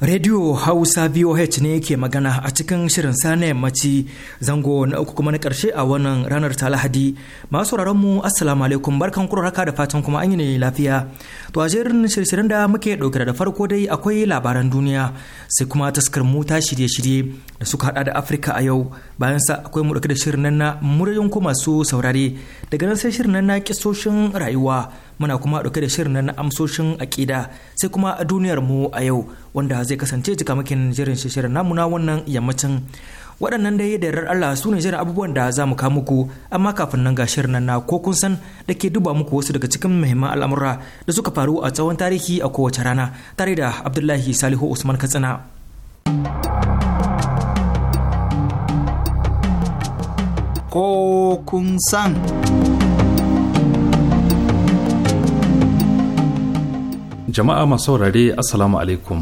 Radio Hausa VOH ne ke magana a cikin shirin sane mace zango na uku kuma na karshe a wannan ranar ta Lahadi. Masu mu Assalamu alaikum barkan kuraraka da fatan kuma an yi ne lafiya. To a jerin shirin da muke ɗauke da farko dai akwai labaran duniya sai kuma taskar mu ta shirye-shirye da suka hada da Afirka a yau bayan sa akwai mu da shirin nan na muryoyin masu saurare daga nan sai shirin nan na kisoshin rayuwa muna kuma dauke da shirin na amsoshin aƙida sai kuma a duniyar mu a yau wanda zai kasance jikamakin jirin shirin namu na wannan yammacin waɗannan dai da yarar Allah su ne jiran abubuwan da za mu kawo muku amma kafin nan ga shirin nan na ko kun san da ke duba muku wasu daga cikin muhimman al'amura da suka faru a tsawon tarihi a kowace rana tare da Abdullahi Salihu Usman Katsina. Ko kun san. jama'a masu saurare assalamu alaikum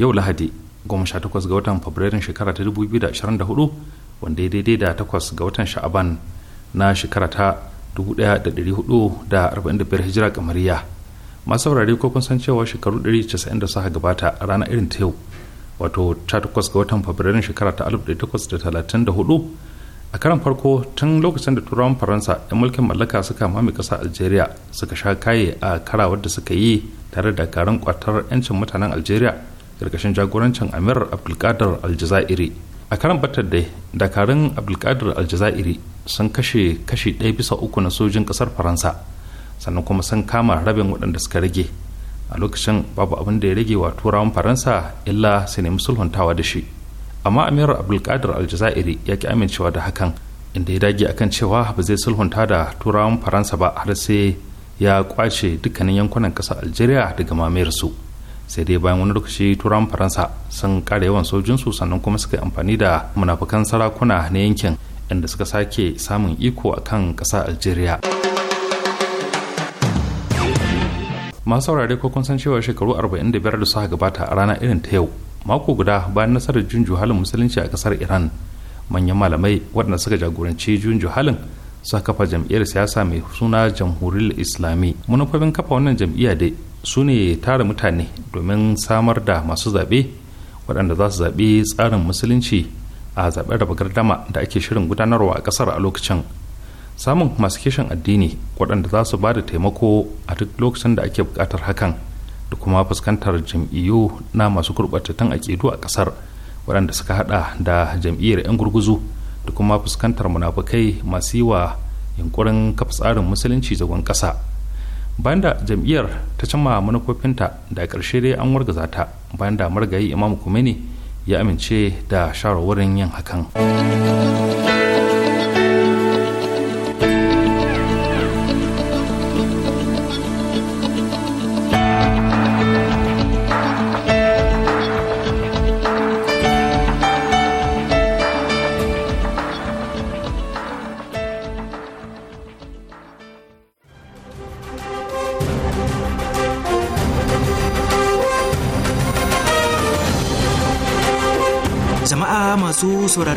yau lahadi 18 ga watan fabrairun shekara ta 2024 wanda ya daidai da 8 ga watan sha'aban na shekara ta 1445 hijira kamariya masu saurare ko kun san cewa shekaru 190 da suka gabata a ranar irin ta yau wato 18 ga watan fabrairun shekara ta 1834 a karan farko tun lokacin da turawan faransa 'yan mulkin mallaka suka mame ƙasa algeria suka sha kaye a karawar da suka yi tare da garin kwatar 'yancin mutanen aljeriya karkashin jagorancin amir abdulkadir aljazairi a karan batar da dakarun abdulkadir aljazairi sun kashe kashi ɗaya bisa uku na sojin ƙasar faransa sannan kuma sun kama rabin waɗanda suka rage a lokacin babu abin da ya rage wa turawan faransa illa su nemi sulhuntawa da shi amma amir abdulkadir aljazairi ya ki amincewa da hakan inda ya dage akan cewa ba zai sulhunta da turawan faransa ba har sai ya kwace dukkanin yankunan ƙasar algeria daga mamayar su sai dai bayan wani lokaci turan faransa sun ƙara yawan sojinsu sannan kuma suka yi amfani da munafukan sarakuna na yankin inda suka sake samun iko a kan ƙasar algeria masu saurare ko kun san cewa shekaru 45 da suka gabata a rana irin ta yau mako guda bayan nasarar junju halin musulunci a kasar iran manyan malamai waɗanda suka jagoranci junju halin sa kafa jam'iyyar siyasa mai suna jamhuriyar islami manufofin kafa wannan jam'iyya dai su ne tara mutane domin samar da masu zaɓe waɗanda za su zaɓi tsarin musulunci a zaɓen raba gardama da ake shirin gudanarwa a ƙasar a lokacin samun masu kishin addini waɗanda za su ba da taimako a duk lokacin da ake buƙatar hakan da kuma fuskantar jam'iyyu na masu gurɓatattun aƙidu a ƙasar waɗanda suka haɗa da jam'iyyar 'yan gurguzu da kuma fuskantar munafukai masu yi wa yunkurin kafa tsarin musulunci zagon ƙasa bayan da jam'iyyar ta cimma manufofinta da ƙarshe dai an wargaza ta bayan da margayi imam kumeni ya amince da shawarwarin yin hakan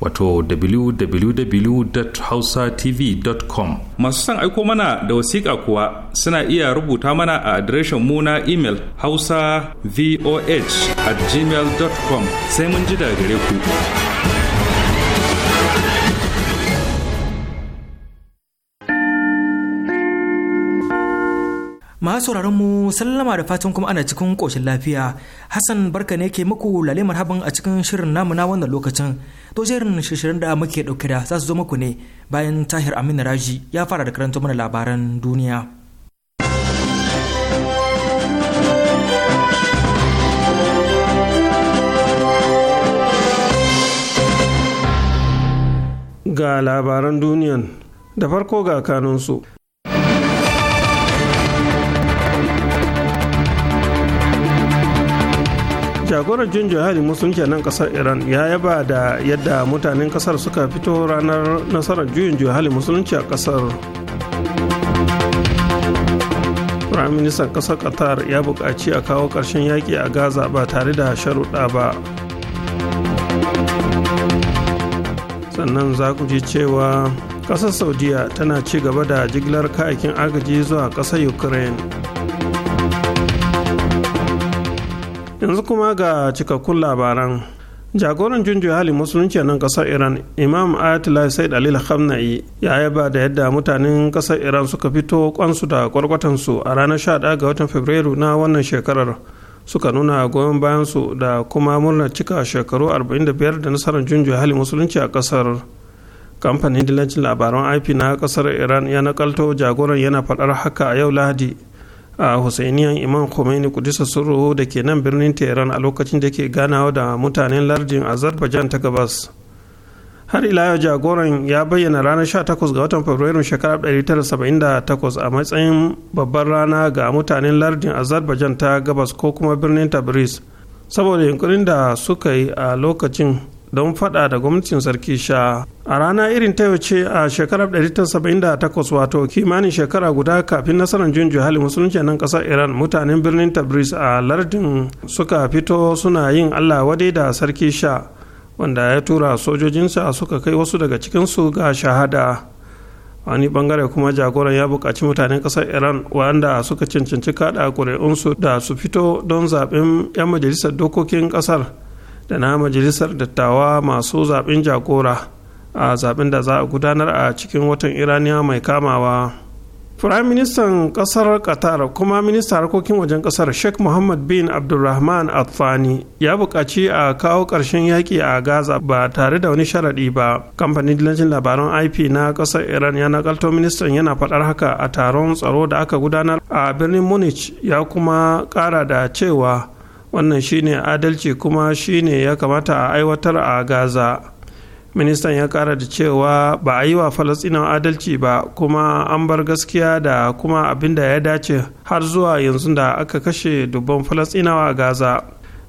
wato www.hausatv.com masu son aiko mana da wasiƙa kuwa suna iya rubuta mana a adireshin mu na imel hausa voh at gmail.com sai mun ji daga gare ku masu mu sallama da fatan kuma ana cikin ƙoshin lafiya hassan barka ne ke muku lalle marhaban a cikin shirin namuna na wannan lokacin to jerin shirin da muke dauke da za su zo muku ne bayan tahir aminu raji ya fara da karanta mana labaran duniya ga labaran duniyan da farko ga kanunsu jagoran jin jihadi musulunci nan kasar iran ya yaba da yadda mutanen kasar suka fito ranar nasarar juyin jihadi musulunci a kasar firaministan kasar qatar ya buƙaci a kawo ƙarshen yaƙi a gaza ba tare da sharuɗa ba sannan za ku ji cewa ƙasar saudiya tana ci gaba da jigilar kayakin agaji zuwa ƙasar ukraine yanzu kuma ga cikakkun labaran jagoran junjo hali musulunci a nan kasar iran imam ayatollah said alil khamnai ya yaba da yadda mutanen kasar iran suka fito kwansu da kwarkwatansu a ranar 11 ga watan fabrairu na wannan shekarar suka nuna goyon bayansu da kuma murnar cika shekaru 45 da nasarar junjo hali musulunci a kasar kamfanin dillancin labaran ip na kasar iran ya nakalto jagoran yana faɗar haka a yau lahadi a husainiyan imam khomeini kudisa surruhu da ke nan birnin tehran a lokacin da ke ganawa da mutanen lardin azerbaijan ta gabas har ila yau jagoran ya bayyana ranar 18 ga watan fabrairu shekarar 1978 a matsayin babbar rana ga mutanen lardin azerbaijan ta gabas ko kuma birnin tabriz saboda yunkurin da suka yi a lokacin don fada da gwamnatin sarki sha a rana irin ta ce a shekarar 1978 wato kimanin shekara guda kafin nasarar junju hali musulunci nan kasar iran mutanen birnin tabriz a lardin suka fito suna yin allah wadai da sarki sha wanda ya tura sojojinsa suka kai wasu daga cikinsu ga shahada wani bangare kuma jagoran ya buƙaci mutanen kasar iran wanda suka cancanci kaɗa ƙuri'unsu da su fito don zaɓen 'yan majalisar dokokin ƙasar da na majalisar dattawa masu zaɓen jagora a zaɓen da za a gudanar a cikin watan iraniya mai kamawa firaministan kasar qatar kuma minista harkokin wajen kasar sheikh muhammad bin abdulrahman atfani ya buƙaci a kawo ƙarshen yaƙi a gaza ba tare da wani sharaɗi ba kamfanin dillancin labaran ip na ƙasar iran ya nakalto ministan yana faɗar haka a taron tsaro da aka gudanar a birnin munich ya kuma ƙara da cewa wannan shine adalci kuma shine ya kamata a aiwatar a gaza ministan ya kara da cewa ba a yi wa falasinan adalci ba kuma an bar gaskiya da kuma abin da ya dace har zuwa yanzu da aka kashe dubban falasinawa a gaza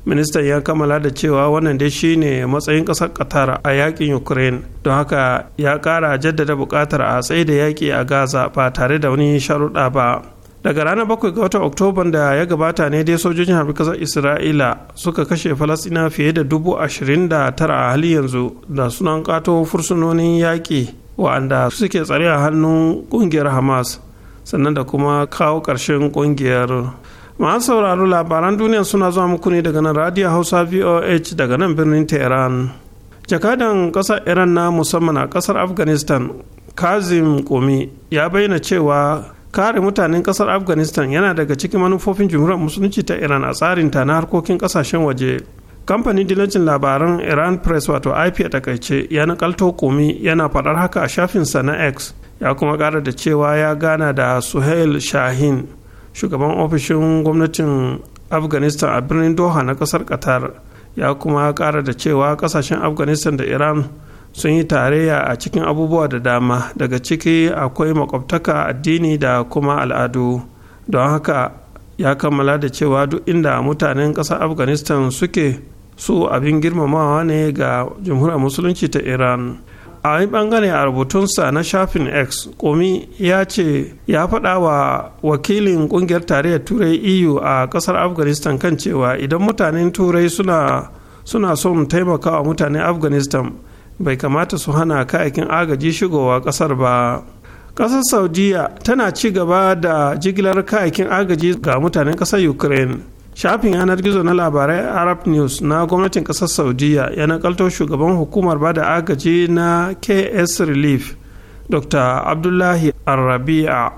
ministan ya kammala da cewa wannan dai shine matsayin ƙasar qatar a yakin ukraine don haka ya kara jaddada buƙatar a tsaye da yaƙi a gaza ba tare da wani sharuɗa ba daga ranar bakwai ga watan oktoban da ya gabata ne dai sojojin harbi kasar isra'ila suka kashe falasina fiye da dubu ashirin da tara a hali yanzu da sunan kato fursunonin yaƙi wa'anda suke tsare a hannun ƙungiyar hamas sannan da kuma kawo ƙarshen ƙungiyar masu sauraro labaran duniya suna zuwa muku ne daga nan radio hausa voh daga nan birnin tehran jakadan kasar iran na musamman a ƙasar afghanistan kazim komi ya bayyana cewa kare mutanen kasar afghanistan yana daga cikin manufofin jumhuriyar musulunci ta iran a tsarin ta na harkokin kasashen waje kamfanin dilancin labaran iran press wato ip a takaice ya nakalto komi yana faɗar haka a shafinsa na x ya kuma ƙara da cewa ya gana da suhail shahin shugaban ofishin gwamnatin afghanistan a birnin doha na ƙasar qatar ya kuma ƙara da cewa ƙasashen afghanistan da iran sun yi tarayya a cikin abubuwa da dama daga ciki akwai makwabtaka addini da kuma al'adu don haka ya kammala da cewa duk inda mutanen ƙasar afghanistan suke su abin girmamawa ne ga jamhuriyar musulunci ta iran a wani bangare a rubutunsa na shafin x komi ya ce ya faɗa wa wakilin ƙungiyar tarayyar turai eu a ƙasar afghanistan kan cewa idan mutanen turai suna suna son taimakawa mutanen afghanistan bai kamata su hana ka aikin agaji shigowa kasar ba kasar saudiya tana ci gaba da jigilar kayakin agaji ga mutanen kasar ukraine shafin yanar gizo na labarai arab news na gwamnatin kasar saudiya ya nakalto shugaban hukumar bada agaji na ks relief dr abdullahi arrabi'a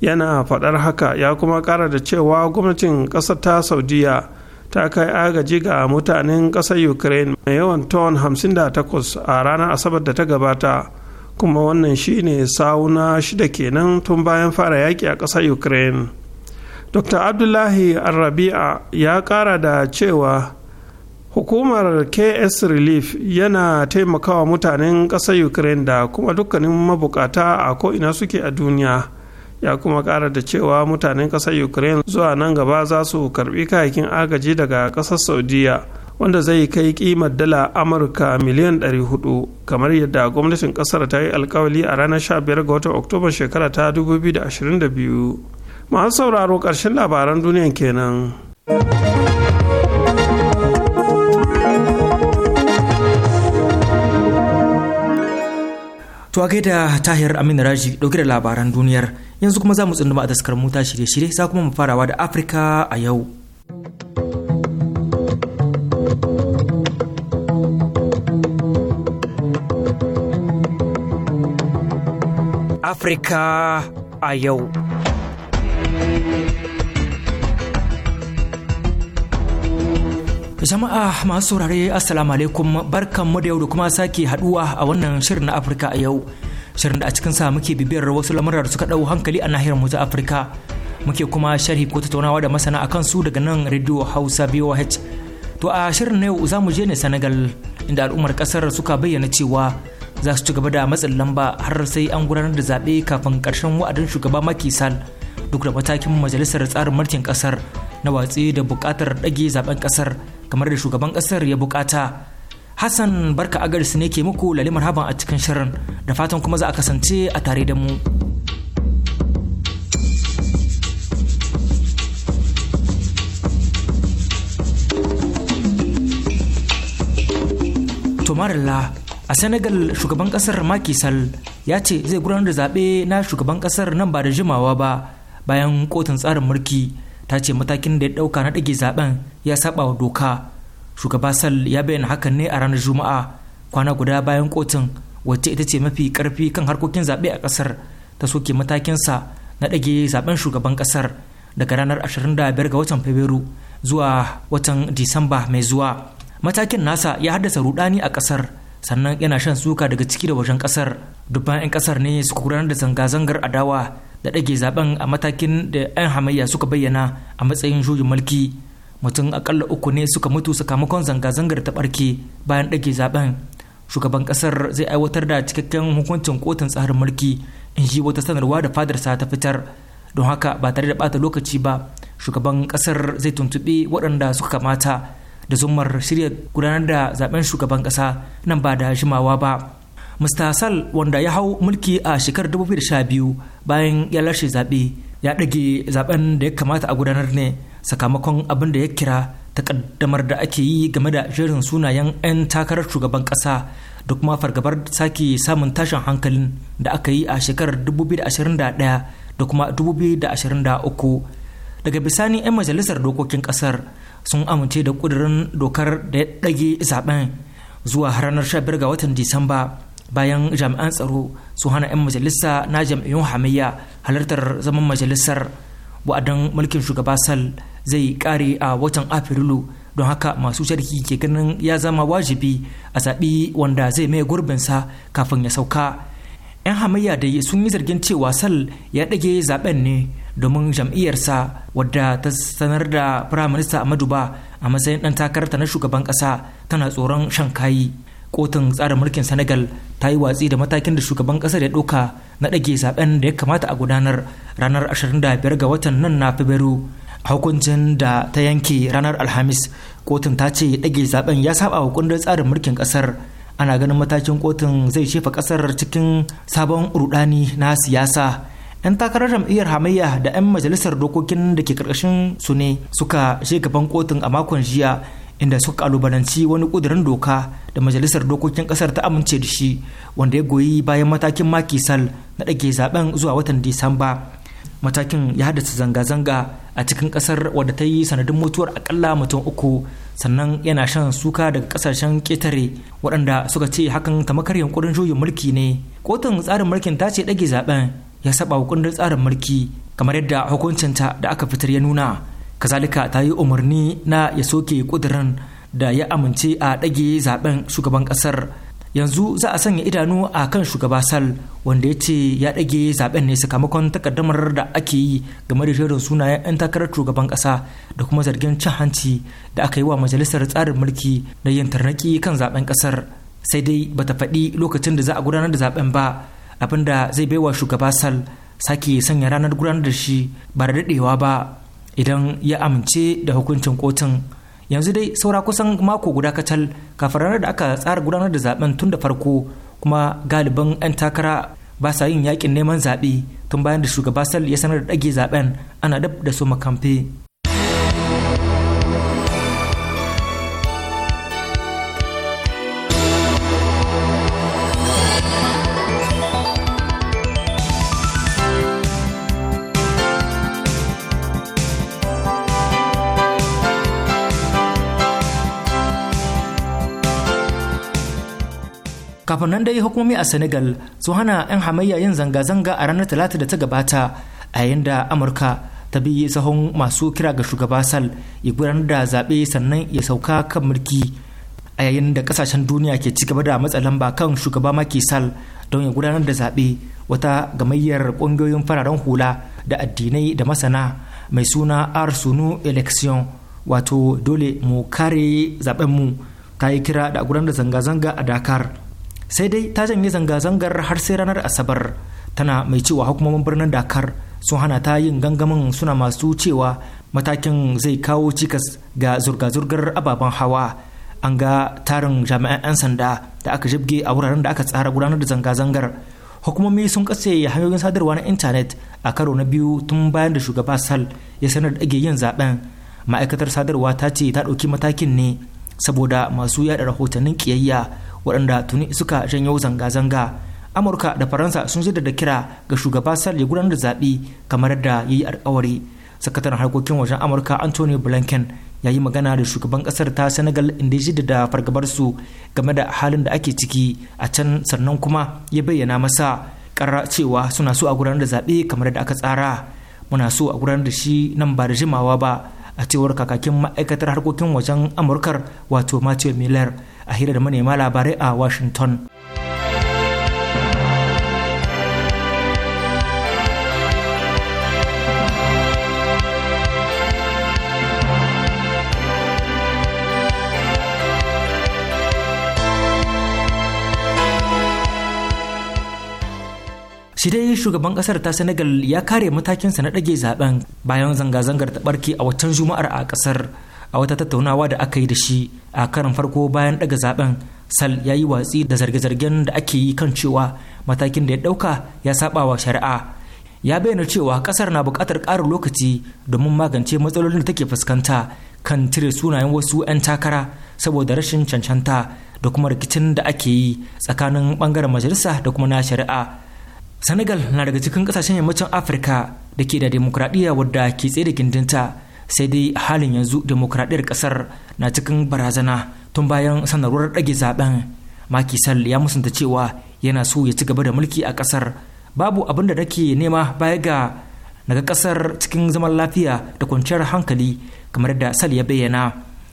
yana faɗar haka ya kuma ƙara da cewa gwamnatin ƙasar ta saudiya ta kai agaji ga mutanen ƙasar ukraine mai yawan ton 58 a ranar asabar da ta gabata kuma wannan shine sauna shida kenan tun bayan fara yaƙi a ƙasar ukraine dr abdullahi arrabi'a ya ƙara da cewa hukumar ks relief yana taimakawa mutanen ƙasar ukraine da kuma dukkanin mabukata a ko'ina suke a duniya ya kuma kara da cewa mutanen kasar ukraine zuwa nan gaba za su karbi kayakin agaji daga kasar saudiya wanda zai kai kimar dala amurka miliyan 400 kamar yadda gwamnatin kasar ta yi alkawali a ranar 15 ga watan oktoba shekara ta 2022 masu sauraro ƙarshen labaran duniyan kenan. To a gaida Tahir Amin Raji dauke da labaran duniyar yanzu kuma za mu tsunduma a daskar mota shirye-shirye za kuma mu farawa da Afirka a yau. Afirka a yau. jama'a masu saurare assalamu alaikum barkan mu da yau da kuma sake haduwa a wannan shirin na afirka a yau shirin da a cikin sa muke bibiyar wasu lamurar da suka dau hankali a nahiyar mu ta afirka muke kuma sharhi ko tattaunawa da masana akan su daga nan radio hausa boh to a shirin na yau za mu je ne senegal inda al'ummar kasar suka bayyana cewa za su ci gaba da matsin lamba har sai an gudanar da zaɓe kafin ƙarshen wa'adin shugaba Macky Sall duk da matakin majalisar tsarin mulkin ƙasar na watsi da bukatar ɗage zaben ƙasar kamar da shugaban ƙasar ya bukata hassan barka agaris ne ke muku lalimar haban a cikin shirin da fatan kuma za a kasance a tare da mu tomarilla a senegal shugaban kasar makisal ya ce zai gudanar da zaɓe na shugaban kasar nan ba da jimawa ba bayan kotun tsarin mulki ta ce matakin da ya dauka na ɗage zaben ya saba wa doka shugaba sal ya bayyana hakan ne a ranar juma'a kwana guda bayan kotun wacce ita ce mafi karfi kan harkokin zaɓe a ƙasar ta soke matakinsa na dage zaben shugaban ƙasar daga ranar 25 ga watan fabrairu zuwa watan disamba mai zuwa matakin nasa ya haddasa rudani a ƙasar sannan yana shan suka daga ciki da wajen ƙasar dubban 'yan ƙasar ne suka gudanar da zanga-zangar adawa da ɗage zaben a matakin da 'yan hamayya suka bayyana a matsayin juyin mulki mutum akalla uku ne suka mutu sakamakon zanga-zangar ta ɓarke bayan ɗage zaben shugaban ƙasar zai aiwatar da cikakken hukuncin kotun tsarin mulki in ji wata sanarwa da fadarsa ta fitar don haka ba tare da bata lokaci ba shugaban ƙasar zai tuntuɓi waɗanda suka kamata da zumar shirya gudanar da zaben shugaban ƙasa nan ba da jimawa ba Mr. Sal wanda ya hau mulki a shekarar 2012 bayan ya lashe zaɓe ya ɗage zaben da ya kamata a gudanar ne sakamakon abin da ya kira takaddamar da ake yi game da jerin sunayen 'yan takarar shugaban ƙasa da kuma fargabar sake samun tashin hankalin da aka yi a shekarar 2021 da kuma 2023 daga bisani 'yan majalisar dokokin ƙasar sun amince da ƙudurin dokar da ya ɗage zaben zuwa ranar 15 ga watan disamba bayan jami'an tsaro su hana 'yan majalisa na jam'iyyun hamayya halartar zaman majalisar wa'adin mulkin shugaba sal zai kare a watan afrilu don haka masu sharhi ke ganin ya zama wajibi a zaɓi wanda zai mai gurbinsa kafin ya sauka 'yan hamayya da sun yi zargin cewa sal ya ɗage zaben ne domin jam'iyyarsa wadda ta sanar da firaminista amadu ba a matsayin ɗan takararta na shugaban ƙasa tana tsoron shan kayi kotun tsarin mulkin senegal ta yi watsi da matakin da shugaban kasar ya ɗauka na ɗage zaben da ya kamata a gudanar ranar 25 ga watan nan na fabaru hukuncin da ta yanke ranar alhamis kotun ta ce dage zaben ya saba wa kundin tsarin mulkin kasar ana ganin matakin kotun zai shefa kasar cikin sabon rudani na siyasa 'yan takarar jam'iyyar hamayya da 'yan majalisar dokokin da ke karkashin su ne suka gaban kotun a makon jiya inda suka kalubalanci wani kudirin doka da majalisar dokokin kasar ta amince da shi wanda ya goyi bayan matakin makisal na ɗage zaben zuwa watan disamba matakin ya haddasa zanga-zanga a cikin kasar wadda ta yi sanadin mutuwar akalla mutum uku sannan yana shan suka daga kasashen ketare waɗanda suka ce hakan tamakar yankurin juyin mulki ne kotun tsarin mulkin ta ce dage zaben ya saba wa tsarin mulki kamar yadda hukuncinta da aka fitar ya nuna kazalika ta yi umarni na ya soke kudirin da ya amince a ɗage zaben shugaban ƙasar yanzu za a sanya idanu a kan shugaba sal wanda ya ce ya ɗage zaben ne sakamakon takaddamar da ake yi game da sunayen 'yan takarar shugaban ƙasa da kuma zargin cin hanci da aka yi wa majalisar tsarin mulki na yin tarnaki kan zaben ƙasar sai dai ba ta faɗi lokacin da za a gudanar da zaben ba abinda zai baiwa shugaba sal sake sanya ranar gudanar da shi ba da daɗewa ba idan ya amince da hukuncin kotun yanzu dai saura kusan mako guda kacal kafin ranar da aka tsara gudanar da zaben tun da farko kuma galiban 'yan takara ba sa yin yakin neman zaɓe tun bayan da shugaba sal ya sanar da ɗage zaben ana dab da su makamfe kafin nan dai hukumomi a senegal su hana 'yan hamayya yin zanga-zanga a ranar talata da ta gabata a yayin da amurka ta bi sahun masu kira ga shugaba sal ya gudanar da zaɓe sannan ya sauka kan mulki a yayin da kasashen duniya ke ci gaba da matsa lamba kan shugaba maki sal don ya gudanar da zaɓe wata gamayyar ƙungiyoyin fararen hula da addinai da masana mai suna arsunu election wato dole mu kare zaɓenmu ta yi kira da gudanar da zanga-zanga a dakar sai dai ta janye zanga-zangar har sai ranar asabar tana mai cewa hukumomin birnin dakar sun hana ta yin gangamin suna masu cewa matakin zai kawo cikas ga zurga-zurgar ababen hawa an ga tarin jami'an 'yan sanda da aka jibge a wuraren da aka tsara gudanar da zanga-zangar hukumomi sun kase hanyoyin sadarwa na intanet a karo na biyu tun bayan da shugaba sal ya sanar da ake yin zaben ma'aikatar sadarwa ta ce ta ɗauki matakin ne saboda masu yada rahotannin kiyayya waɗanda tuni suka janyo zanga-zanga amurka da faransa sun da kira ga shugaba sal ya gudanar da zaɓe kamar da ya yi alkawari sakataren harkokin wajen amurka anthony blinken ya yi magana da shugaban ƙasar ta senegal inda ya jaddada fargabar su game da halin da ake ciki a can sannan kuma ya bayyana masa ƙara cewa suna so a gudanar da zaɓe kamar da aka tsara muna so a gudanar da shi nan ba da jimawa ba a cewar kakakin ma'aikatar harkokin wajen amurkar wato matthew miller a hira da manema labarai a washington shi dai shugaban kasar ta senegal ya kare matakinsa na ɗage zaben bayan zanga-zangar ta barke a watan juma'ar a kasar a wata tattaunawa da aka yi da shi a karan farko bayan daga zaben sal ya yi watsi da zarge-zargen da ake yi kan cewa matakin da ya dauka ya saba shari'a ya bayyana cewa kasar na bukatar ƙarin lokaci domin magance matsalolin da take fuskanta kan cire sunayen wasu 'yan takara saboda rashin cancanta da kuma rikicin da ake yi tsakanin bangaren majalisa da kuma na shari'a senegal na daga cikin kasashen yammacin afirka da ke da demokradiyya wadda ke tsaye da gindinta sai dai halin yanzu demokradiyyar kasar na cikin barazana tun bayan sanarwar ɗage zaben makisal sal ya musanta cewa yana so ya ci gaba da mulki a kasar babu abin da nake nema baya ga naga kasar cikin zaman lafiya da kwanciyar hankali kamar da sal ya bayyana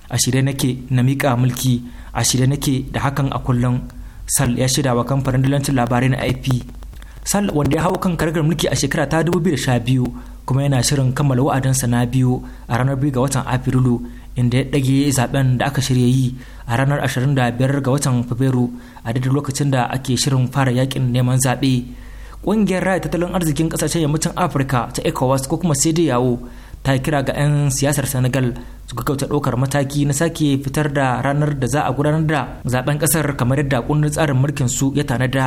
a shirye nake na miƙa mulki a shirye nake da hakan a kullum sal ya shirya wa kamfanin dalancin labarai na IP sal wanda ya hau kan karagar mulki a shekara ta 2012 kuma yana shirin kammala wa'adinsa na biyu a ranar biyu ga watan afrilu inda ya ɗage zaben da aka shirya yi a ranar 25 ga watan fabrairu a daidai lokacin da ake shirin fara yakin neman zaɓe ƙungiyar raya tattalin arzikin ƙasashen yammacin afirka ta ecowas ko kuma sai yawo ta kira ga 'yan siyasar senegal su kauce ɗaukar mataki na sake fitar da ranar da za a gudanar da zaben ƙasar kamar yadda kundin tsarin mulkin su ya tanada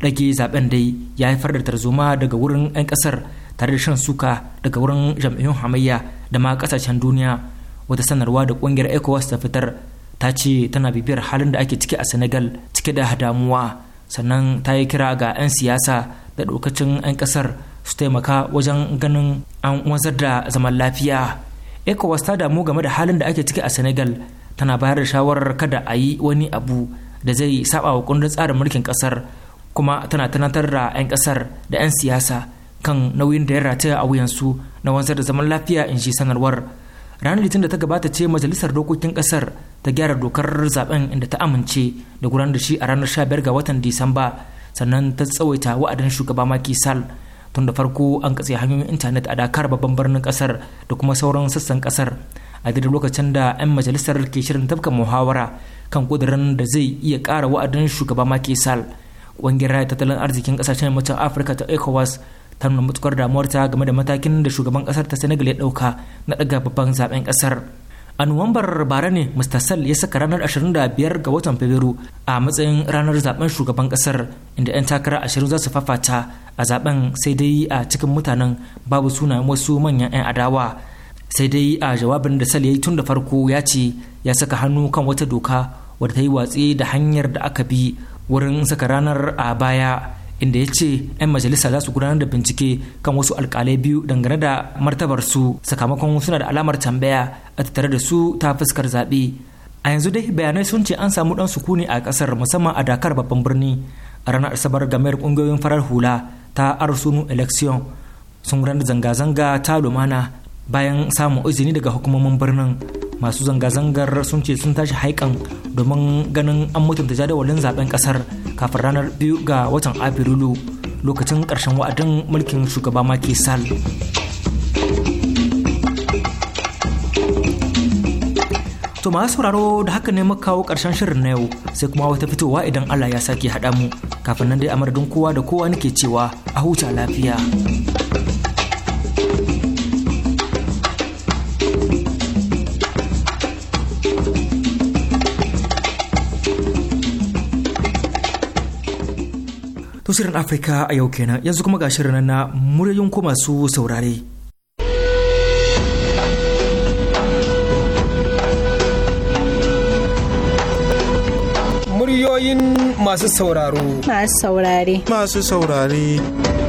rage zaben dai ya haifar da tarzoma daga wurin 'yan kasar tare da shan suka daga wurin jam'iyyun hamayya da ma kasashen duniya wata sanarwa da kungiyar ecowas ta fitar ta ce tana bibiyar halin da ake ciki a senegal cike da damuwa sannan ta yi kira ga 'yan siyasa da dokacin 'yan kasar su taimaka wajen ganin an wanzar da zaman lafiya ecowas ta damu game da halin da ake ciki a senegal tana bayar da shawarar kada a yi wani abu da zai saba wa kundin tsarin mulkin kasar kuma tana tanatar da 'yan kasar da 'yan siyasa kan nauyin da ya rataya a wuyansu na wanzar da zaman lafiya in shi sanarwar ranar litinin da ta gabata ce majalisar dokokin kasar ta gyara dokar zaben inda ta amince da gudanar da shi a ranar 15 ga watan disamba sannan ta tsawaita wa'adin shugaba maki sal tun da farko an katse hanyoyin intanet a dakar babban birnin kasar da kuma sauran sassan kasar a daidai lokacin da 'yan majalisar ke shirin tafka muhawara kan kudurin da zai iya kara wa'adin shugaba maki sal ƙungiyar tattalin arzikin ƙasashen yammacin afirka ta ecowas ta nuna matukar damuwar ta game da matakin da shugaban ƙasar ta senegal ya ɗauka na ɗaga babban zaben kasar a nuwambar bara ne mr sall ya saka ranar 25 ga watan fabrairu a matsayin ranar zaben shugaban kasar inda 'yan takara ashirin za su fafata a zaben sai dai a cikin mutanen babu sunayen wasu manyan 'yan adawa sai dai a jawabin da sall ya yi tun da farko ya ce ya saka hannu kan wata doka wadda ta yi watsi da hanyar da aka bi wurin saka ranar a baya inda ya ce 'yan majalisa za su gudanar da bincike kan wasu alkalai biyu dangane da martabar su sakamakon suna da alamar tambaya a tattare da su ta fuskar zaɓe a yanzu dai bayanai sun ce an samu ɗan sukuni a ƙasar musamman a dakar babban birni a ranar asabar gamayar ƙungiyoyin farar hula ta arsunu election sun gudanar da zanga-zanga ta lumana bayan samun izini daga hukumomin birnin masu zanga-zangar sun ce sun tashi haikan domin ganin an mutunta jadawalin zaben kasar kafin ranar 2 ga watan afirilu lokacin karshen wa'adin mulkin shugaba Macky Sall. To masu sauraro da haka ne muka kawo karshen shirin na yau sai kuma wata fitowa idan Allah ya sake haɗa mu kafin nan dai a kowa da kowa nake cewa a huta lafiya. To shirin Afirka a yau kenan yanzu kuma ga shirin na muryoyin ku masu saurare. Muryoyin masu sauraro. Masu saurare. Masu saurare.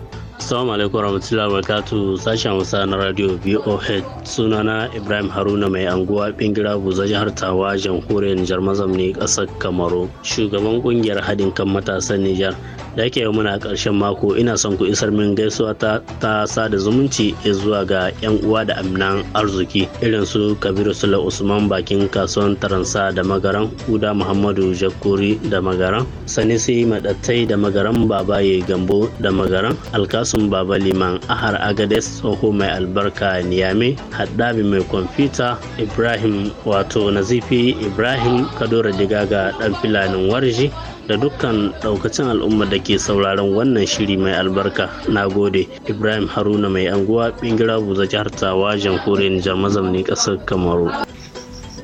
Assalamu alaikum warahmatullahi wabarakatuh sashen wasa na radio VOH sunana Ibrahim Haruna mai anguwa bingira buza jihar Tawa jamhuriyar Nijar ne kasar Kamaru shugaban kungiyar haɗin kan matasan Nijar da ke yau muna ƙarshen mako ina son ku isar min gaisuwa ta, ta sada zumunci zuwa ga 'yan uwa da aminan arziki irin su kabiru sula usman bakin kasuwan taransa da magaran uda muhammadu jakuri da magaran sanisi madattai da magaran babaye gambo da magaran alkasun baba liman ahar agades tsoho mai albarka niyame haddabi mai kwamfuta ibrahim wato nazifi ibrahim kadora digaga dan filanin warji da dukkan daukacin al'umma da ke sauraron wannan shiri mai albarka na gode ibrahim haruna mai anguwa bingira buza jihar tawa jamhuriyar nijar mazaunin kasar kamaru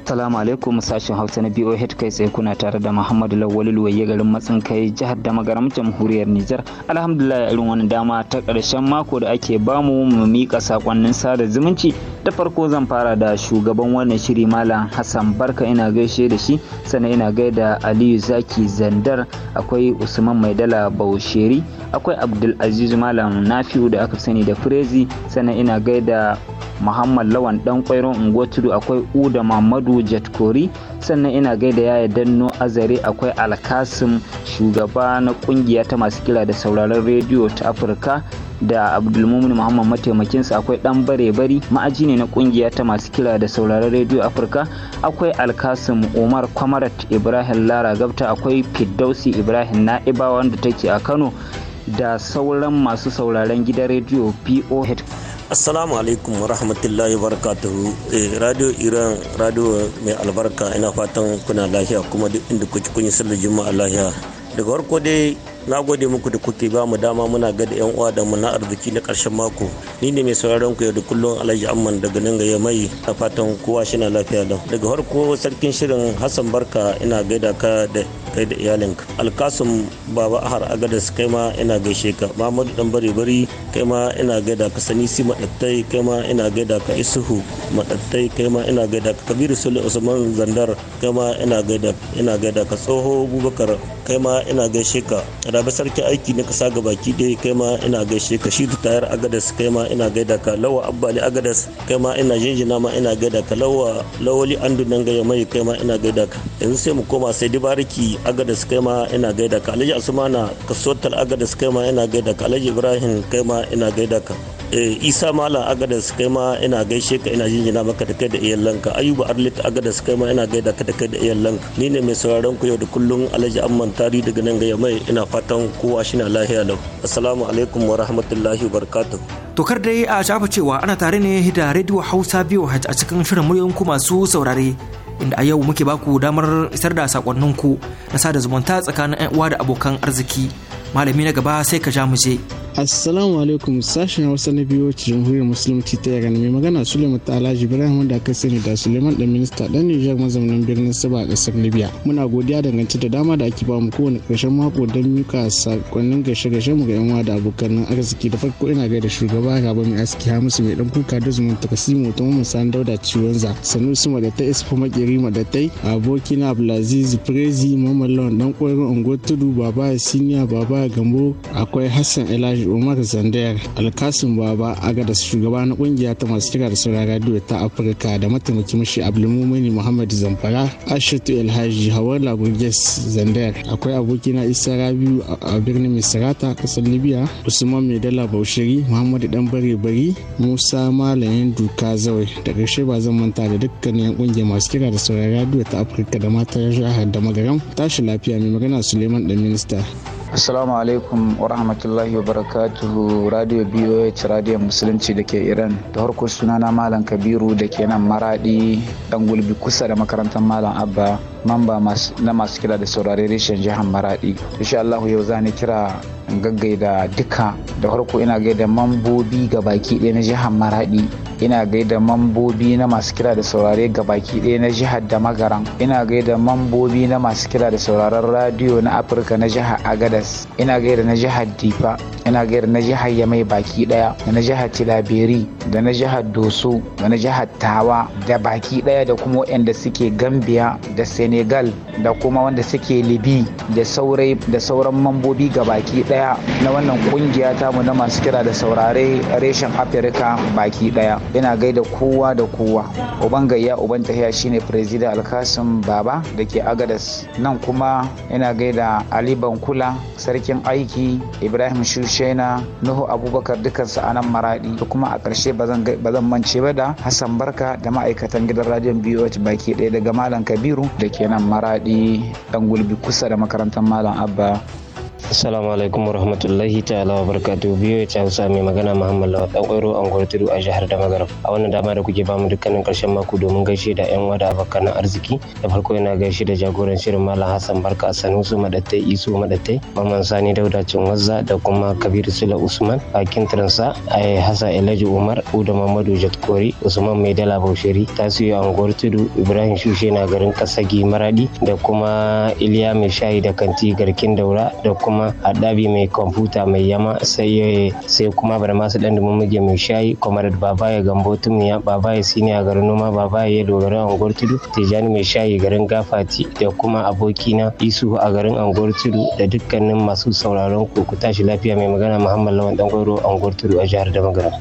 Assalamu alaikum sashen Hausa na BOH kai tsaye kuna tare da Muhammadu Lawal Luwaye garin matsin kai jihar da magaram jamhuriyar Nijar. Alhamdulillah irin wani dama ta ƙarshen mako da ake bamu mu mika sakonnin sada zumunci. Da farko zan fara da shugaban wannan shiri Malam Hassan Barka ina gaishe da shi sannan ina gaida Aliyu Zaki Zandar akwai Usman Maidala Bausheri akwai Abdul Aziz Malam Nafiu da aka sani da Frezi sannan ina gaida Muhammad Lawan Dan Kwairo tudu akwai Uda Mamadu jet kori sannan ina gaida ya yi danno zare akwai alkasim shugaba na kungiya ta masu kira da sauraron rediyo ta afirka da abdulmumin muhammad mataimakinsa akwai ɗan bare bari ma'aji ne na kungiya ta masu kira da sauraron rediyo afirka akwai alkasim umar kwamarat ibrahim lara gabta akwai fiddausi ibrahim na'ibawa wanda take a kano da sauran masu sauraron gidan rediyo poh assalamu alaikum wa rahmatullahi barakatuhu eh, radio iran radio mai albarka ina fatan kuna lafiya kuma duk inda kuke kun yi sallar juma'a lafiya daga farko dai na gode muku da kuke ba mu dama muna ga yan uwa da mu na arziki na karshen mako ni ne mai sauraron ku yau da kullum alhaji amman daga nan ga mai na fatan kowa shi na lafiya lau daga farko sarkin shirin hassan barka ina gaida ka da kai da iyalinka alkasum baba ahar agadas kai ma ina gaishe ka mamadu dan bari bari kai ma ina gaida ka sanisi madattai kai ma ina gaida ka isuhu madattai kai ma ina gaida ka kabiru sulu usman zandar kai ma ina gaida ina gaida ka tsoho bubakar kai ma ina gaishe ka rabe sarki aiki na kasa gabaki dai kai ma ina gaishe ka shi tayar agadas kai ma ina gaida ka lawa abbali agadas kai ma ina jinjina ma ina gaida ka lawa lawali andu nan gaya mai kai ma ina gaida ka yanzu sai mu koma sai dibariki agadas kaima ina gaida ka alhaji asumana kasotal agadas kaima ina gaida ka alhaji ibrahim kaima ina gaida ka eh, isa mala agadas kaima ina gaishe ka ina jinjina maka da kai da iyalanka ayuba arlit agadas kaima ina gaida ka da kai da iyalanka ni ne mai sauraron ku yau da kullun alhaji amman tari daga nan gaya mai ina fatan kowa shi na lahiya lau assalamu alaikum wa rahmatullahi wa barakatuh tokar dai a shafa cewa ana tare ne da radio hausa biyu a cikin shirin muryoyin ku masu saurare inda a yau muke baku damar isar da sakonninku na sada zumunta tsakanin 'yan uwa da abokan arziki malami na gaba sai ka ja mu je. assalamu alaikum sashen hausa na biyu wacce jamhuriyar musulunci ta yaga mai magana suleiman ta alhaji ibrahim wanda aka sani da suleiman dan minista dan nijar mazaunin birnin saba a kasar libya muna godiya dangance da dama da ake ba mu kowane karshen mako don mika sakonnin gashe gashe mu ga yan da abokan arziki da farko ina gaida shugaba gaba mai aski hamisu mai dan kuka da zumun takasimu ta mun san dauda ciwonza sanusi madatai isfa makeri tai abokina abdulaziz prezi mamallon dan koyar ungo tudu baba siniya baba gambo akwai hassan elaji Umar Zandayar Alkasim Baba da shugaba na kungiya ta masu kira da sauran radio ta Afirka da mataimakin shi Abdulmumini Muhammad Zamfara Ashatu Alhaji hawa Burges Zandayar akwai abokina Isa Rabiu a birnin Misrata kasar Libya Usman dala Baushiri Muhammad Dan Bare Bari Musa Malamin Duka Zawai da karshe ba zan manta da dukkanin kungiya masu kira da sauran radio ta Afirka da matar jihar da magaram tashi lafiya mai magana Suleiman Dan Minista Assalamu alaikum wa rahmatullahi wa barakatuh barakatuhu radio BOH radio musulunci da ke Iran da harko sunana Malam Kabiru da ke nan Maradi dan gulbi kusa da makarantar Malam Abba mamba na masu kira da saurari reshen jihar Maradi insha Allah yau zani kira da duka da harko ina gaida mambobi ga baki ɗaya na jihar Maradi ina gaida mambobi na masu kira da saurare ga baki ɗaya na jihar da magaran ina gaida mambobi na masu kira da sauraron radio na Afirka na jihar Agadas ina gaida na jihar Difa ina ina gaira na jihar yamai baki daya da na jihar tilaberi da na jihar doso da na jihar tawa da baki daya da kuma waɗanda suke gambia da senegal da kuma wanda suke libi da saurai da sauran mambobi ga baki daya na wannan kungiya mu na masu kira da saurare reshen afirka baki daya yana gaida kowa da kowa uban gayya uban tahiya shine president alkasim baba da ke agadas nan kuma yana gaida ali bankula sarkin aiki ibrahim shushe gaina nuhu abubakar dukansu a nan maraɗi da kuma a karshe ba zan mance ba da hassan barka da ma'aikatan gidan radiyon boh baki ɗaya daga malam kabiru da ke nan maraɗi dan gulbi kusa da makarantar malam abba Assalamu alaikum warahmatullahi ta'ala wa barakatuhu biyo ta Hausa mai magana Muhammad Lawal dan kwairo an tudu a jihar Damagaram. A wannan dama da kuke bamu dukkanin karshen mako domin gaishe da yan wada abokan arziki. Da farko yana gaishe da jagoran shirin Malam Hassan Barka Sanusu Madattai Isu Madattai, Maman Sani Dauda Cinwazza da kuma Kabiru Sula Usman, hakin Transa, Ai eh, Hassan Elaji Umar, Uda Mamadu Jatkori, Usman Maidala Bausheri, Tasiyu Anguwar Tudu, Ibrahim Shushe na garin Kasagi Maradi da kuma Iliya Mai Shayi da Kanti Garkin Daura da kuma a ɗabi mai kwamfuta mai yama sai sai kuma bar masu dan dumin muke mai shayi kwamarat babaye gambo tumiya babaye sini a garin noma babaye ya dogara a unguwar tudu tijjani mai shayi garin gafati da kuma abokina isu a garin unguwar tudu da dukkanin masu sauraron ku ku tashi lafiya mai magana muhammad lawan ɗan gwaro unguwar tudu a jihar damagara.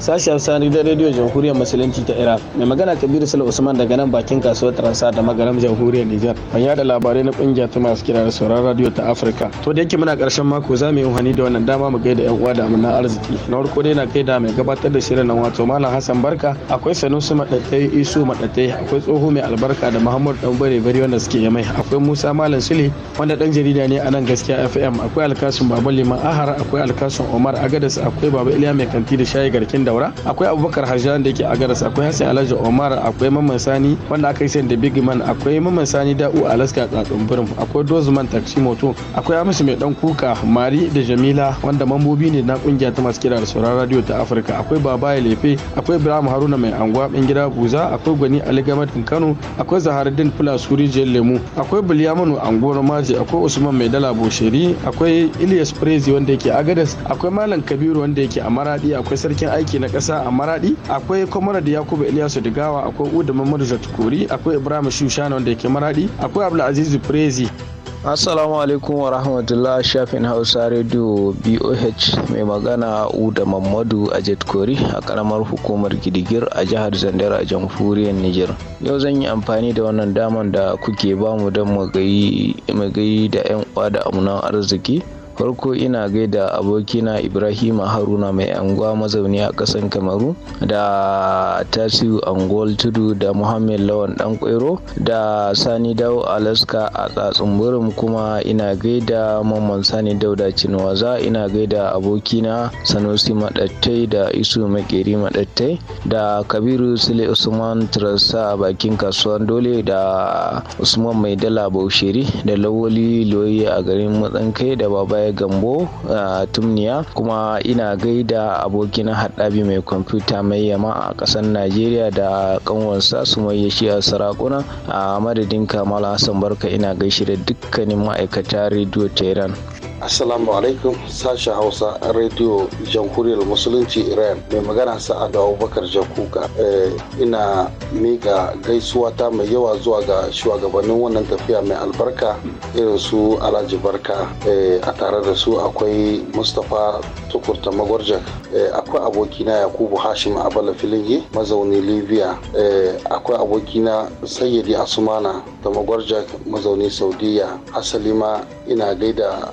Sashi sani da rediyo Jamhuriyar Musulunci ta Iran. Mai magana Kabiru Sala Usman daga nan bakin kasuwar Transa da magaram Jamhuriyar Nijar. Ban yada labarai na kungiyar ta masu kira da sauran radio ta Afirka. To da yake muna karshen mako za mu yi wani da wannan dama mu da yan uwa da amina arziki. Na farko dai na kai da mai gabatar da shirin nan wato Malam Hassan Barka, akwai Sanusi Madaddai, Isu Madaddai, akwai Tsoho Mai Albarka da Muhammad Dan Bare Bare wanda suke yamai. Akwai Musa Malam Sule wanda dan jarida ne a nan gaskiya FM. Akwai Alkasun Baba Liman ahara akwai Alkasun Omar Agadas, akwai Baba Iliya Mai Kanti da Shayi Garkin daura akwai abubakar hajjan da ke a garas akwai hassan alhaji omar akwai mamman sani wanda aka yi sayan da big man akwai mamman sani da'u alaska tsatsun birin akwai dozman taxi moto akwai amshi mai dan kuka mari da jamila wanda mambobi ne na kungiya ta masu kira da sauran radio ta afirka akwai ya lefe akwai ibrahim haruna mai anguwa gida buza akwai gwani ali gamatin kano akwai zaharuddin fula suri jiyar lemu akwai bulyamanu anguwar maji akwai usman mai dala bosheri akwai ilyas prezi wanda yake agadas akwai malam kabiru wanda yake a maradi akwai sarkin aiki na ƙasa a maradi akwai kwamarar yakubu elias digawa akwai uda mamadu zatukuri akwai ibrahim shushana wanda yake maradi akwai abdulaziz prezi Assalamu alaikum wa rahmatullah shafin Hausa Radio BOH mai magana Uda Mamadu a Kori a karamar hukumar Gidigir a jihar Zandar a jamhuriyar niger. Yau zan yi amfani da wannan daman da kuke bamu don magayi da 'yan uwa da amunan arziki farko ina gaida abokina ibrahima haruna mai anguwa mazauni a ƙasar kamaru da tasiu angol tudu da muhammed lawan dan kwairo da sani dawo alaska a tsatsin burin kuma ina gaida mamman sani da cinwaza ina gaida abokina sanusi madattai da isu makeri madattai da kabiru sule usman turasa a bakin kasuwan dole da usman mai dala baushiri da lawali loyi a garin matsankai da baba gambo a tumniya kuma ina gaida abokina haɗabi mai kwamfuta mai yama a ƙasar najeriya da kanwarsa su mai shi a sarakuna a madadin kamala hassan barka ina gaishe da dukkanin ma'aikata rediyo tehran Assalamu alaikum sashen Hausa rediyo Jamhuriyar Musulunci Iran mai magana Sa'adu Abubakar Jakuka eh, ina mika gaisuwa ta mai yawa zuwa ga shugabannin wannan tafiya mai albarka irin su Alhaji Barka eh, a tare da su akwai Mustapha Tukurta Magwarja eh, akwai abokina Yakubu Hashim Abala Filinge mazauni Libya akwai abokina Sayyidi Asumana da Magwarja mazauni Saudiya asali ma ina gaida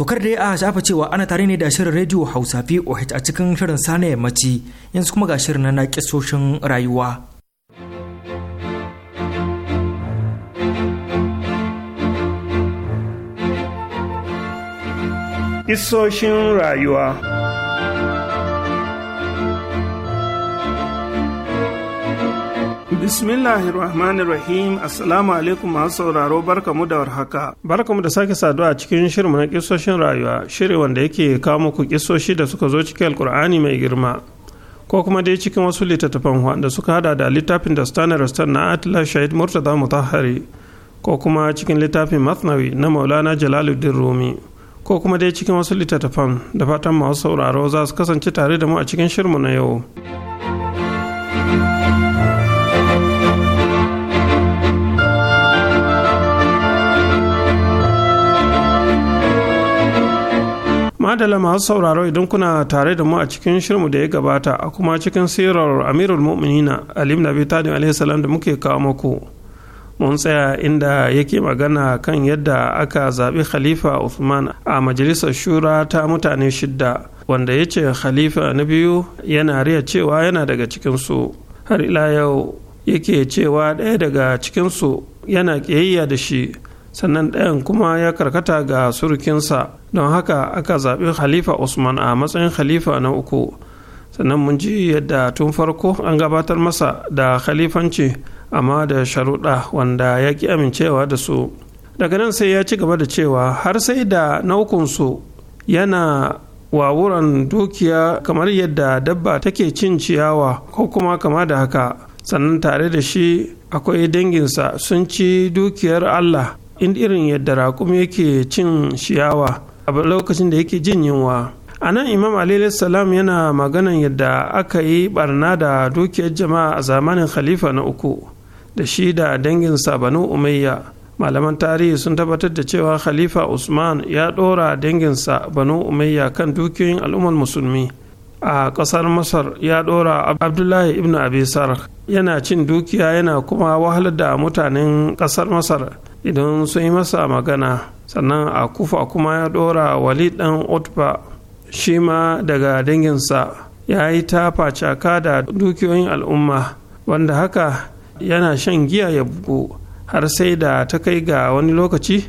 kar da ya a shafa cewa ana tare ne da shirin rediyo Hausa VOH a cikin shirin sana yammaci yanzu kuma ga shirin na kisoshin rayuwa. Isoshin rayuwa Bismillahirrahmanirrahim Assalamu alaikum masu sauraro barkamu da warhaka. Barkamu da sake saduwa a cikin shirin na kisoshin rayuwa, shiri wanda yake kawo muku kisoshi da suka zo cikin Alkur'ani mai girma. Ko kuma dai cikin wasu littattafan wanda suka hada da littafin da stanley Stan na Atila Shahid Murtaza Mutahari ko kuma cikin littafin Masnawi na Maulana Jalaluddin Rumi. Ko kuma dai cikin wasu littattafan da fatan masu sauraro za su kasance tare da mu a cikin shirinmu na yau. madala masu sauraro idan kuna tare da mu a cikin shirmu da ya gabata a kuma cikin sirar amirul mu'minina alim nabi tadim alaihi da muke kawo maku. mun tsaya inda yake magana kan yadda aka zaɓi khalifa usman a majalisar shura ta mutane shidda wanda ya ce khalifa na biyu yana riya cewa yana daga cikinsu har ila yau yake cewa ɗaya daga cikinsu yana ƙiyayya da shi sannan ɗayan kuma ya karkata ga surukinsa don haka aka zaɓi khalifa usman a matsayin khalifa na uku sannan mun ji yadda tun farko an gabatar masa da khalifanci amma da sharuɗa wanda ya ƙi amincewa da su daga nan sai ya ci gaba da cewa har sai da naukunsu yana wawuran dukiya kamar yadda dabba take cin ciyawa ko kuma kama da haka sannan tare da shi akwai danginsa sun ci dukiyar allah in irin yadda raƙumi yake cin shiyawa. a lokacin da yake jin yunwa a nan imam salam yana maganan yadda aka yi barna da dukiyar jama'a a zamanin khalifa na uku da shi da danginsa banu umayya malaman tarihi sun tabbatar da cewa khalifa usman ya ɗora danginsa banu umayya kan dukiyoyin al'ummar musulmi a ƙasar masar ya ɗora abdullahi ibn abisar yana cin dukiya yana kuma wahalar da mutanen ƙasar masar idan sun yi masa magana sannan a kufa kuma ya ɗora walid ɗan utba shi ma daga danginsa ya yi ta facaka da dukiyoyin al'umma wanda haka yana shan giya ya bugu har sai da ta kai ga wani lokaci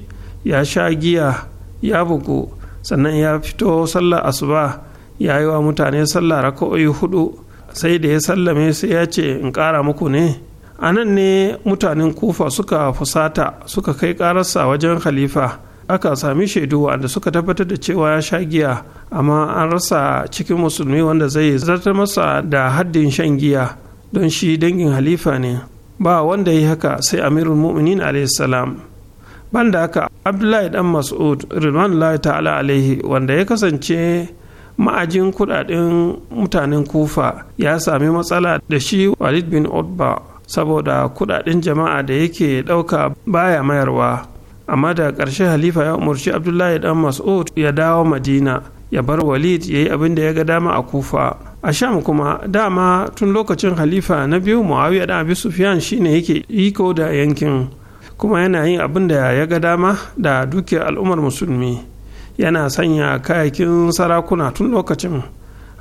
ya sha giya ya bugu sannan ya fito sallar asuba ya yi wa mutane sallah raka'o'i hudu sai da ya sallame sai ya ce in ƙara muku ne a nan ne mutanen kufa suka fusata suka kai ƙararsa wajen khalifa aka sami shaidu wanda suka tabbatar da cewa ya sha giya amma an rasa cikin musulmi wanda zai zartar masa da haddin shan giya don shi dangin halifa ne ba wanda ya yi haka sai amirul mu'minin ban banda haka abdullahi dan mas'ud ridwanullahi ta'ala alaihi wanda ya kasance ma'ajin kudaden mutanen kufa ya sami matsala da shi walid bin utba saboda kudaden jama'a da yake dauka baya mayarwa amma da ƙarshe halifa ya umarci abdullahi dan mas'ud ya dawo madina ya bar walid ya yi abin da ya ga dama a kufa a sham kuma dama tun lokacin halifa na biyu muawiya dan abi sufyan shine yake iko da yankin kuma yana yin abin da ya ga dama da dukiyar al'ummar musulmi yana sanya kayakin sarakuna tun lokacin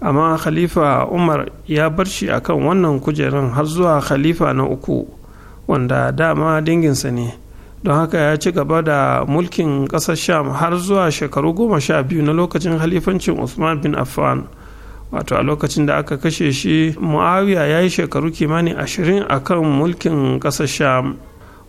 amma khalifa umar ya bar shi akan wannan kujerun har zuwa khalifa na uku wanda dama danginsa ne don haka ya ci gaba da mulkin ƙasar sham har zuwa shekaru goma sha biyu na lokacin halifancin usman bin affan wato a lokacin da aka kashe shi muawiya ya yi shekaru kimanin ashirin a kan mulkin ƙasar sham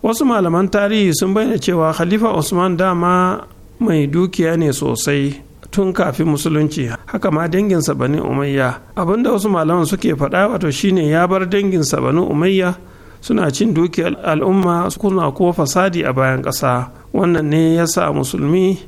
wasu malaman tarihi sun bayyana cewa khalifa usman dama mai dukiya ne sosai tun kafin musulunci haka ma dangin bani umayya abinda wasu malaman suke faɗa wato shine ya bar dangin bani umayya suna cin dukiyar al'umma suna ko fasadi a bayan ƙasa wannan ne ya sa musulmi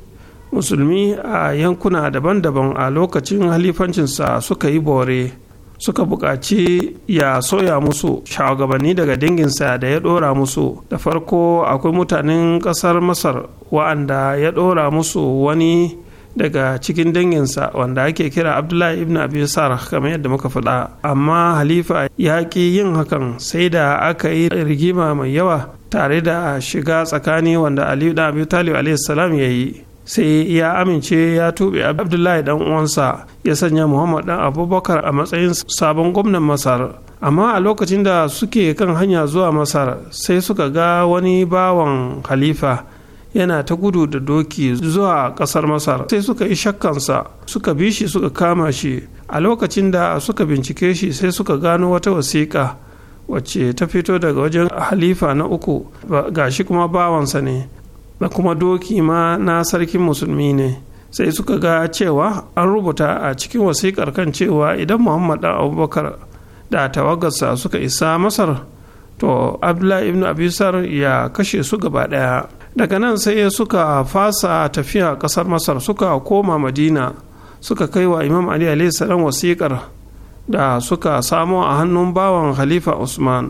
musulmi a yankuna daban-daban a lokacin halifancinsa suka yi bore suka buƙaci ya soya musu shugabanni daga danginsa da ya ɗora musu da farko akwai mutanen ƙasar masar wa'anda ya ɗora musu wani daga cikin danginsa wanda ake kira abdullahi ibn abi sarh kamar yadda muka faɗa amma halifa ya ƙi yin hakan sai da aka yi rigima mai yawa tare da shiga tsakani wanda aliyu da abi talib ya yi sai ya amince ya tuɓe abdullahi dan uwansa ya sanya muhammad dan abubakar a matsayin sabon gwamnan masar amma a lokacin da suke kan hanya zuwa masar sai suka ga wani bawan halifa yana ta gudu da doki zuwa ƙasar masar sai suka yi shakkansa suka bi shi suka kama shi a lokacin da suka bincike shi sai suka gano wata wasiƙa wacce ta fito daga wajen halifa na uku ga shi kuma bawansa ne da kuma doki ma na sarkin musulmi ne sai suka ga cewa an rubuta a cikin wasiƙar kan cewa idan muhammad abubakar da tawagarsa suka isa masar to abdullahi ibn abisar ya kashe su gaba ɗaya daga nan sai suka fasa tafiya kasar masar suka koma madina suka kai wa imam ali salam wasiƙar da suka samo a hannun bawan halifa usman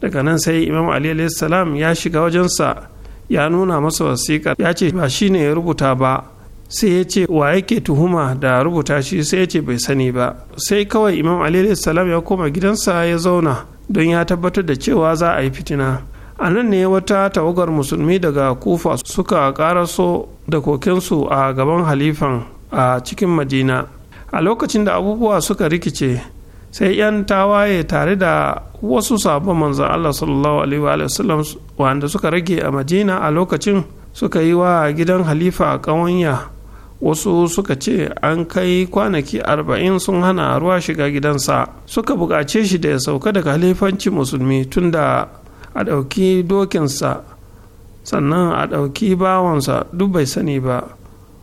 daga nan sai imam ali salam ya shiga wajensa ya nuna masa wasikar ya ce ba shi ne ya rubuta ba sai ya ce wa yake tuhuma da rubuta shi sai ya ce bai sani ba sai kawai imam ali salam ya koma gidansa ya zauna don ya tabbatar da cewa za a yi fitina a nan ne wata tawagar musulmi daga kufa suka karaso da kokensu a gaban halifan a cikin madina a lokacin da abubuwa suka rikice sai 'yan tawaye tare da wasu sabon manzan allah sallallahu alaihi wa wanda suka rage a madina a lokacin suka yi wa gidan halifa ƙawanya wasu suka ce an kai kwanaki arba'in sun hana ruwa shiga gidansa suka buƙace shi da ya sauka daga halifanci musulmi tunda a ɗauki dokinsa sannan a ɗauki bawansa duk bai sani ba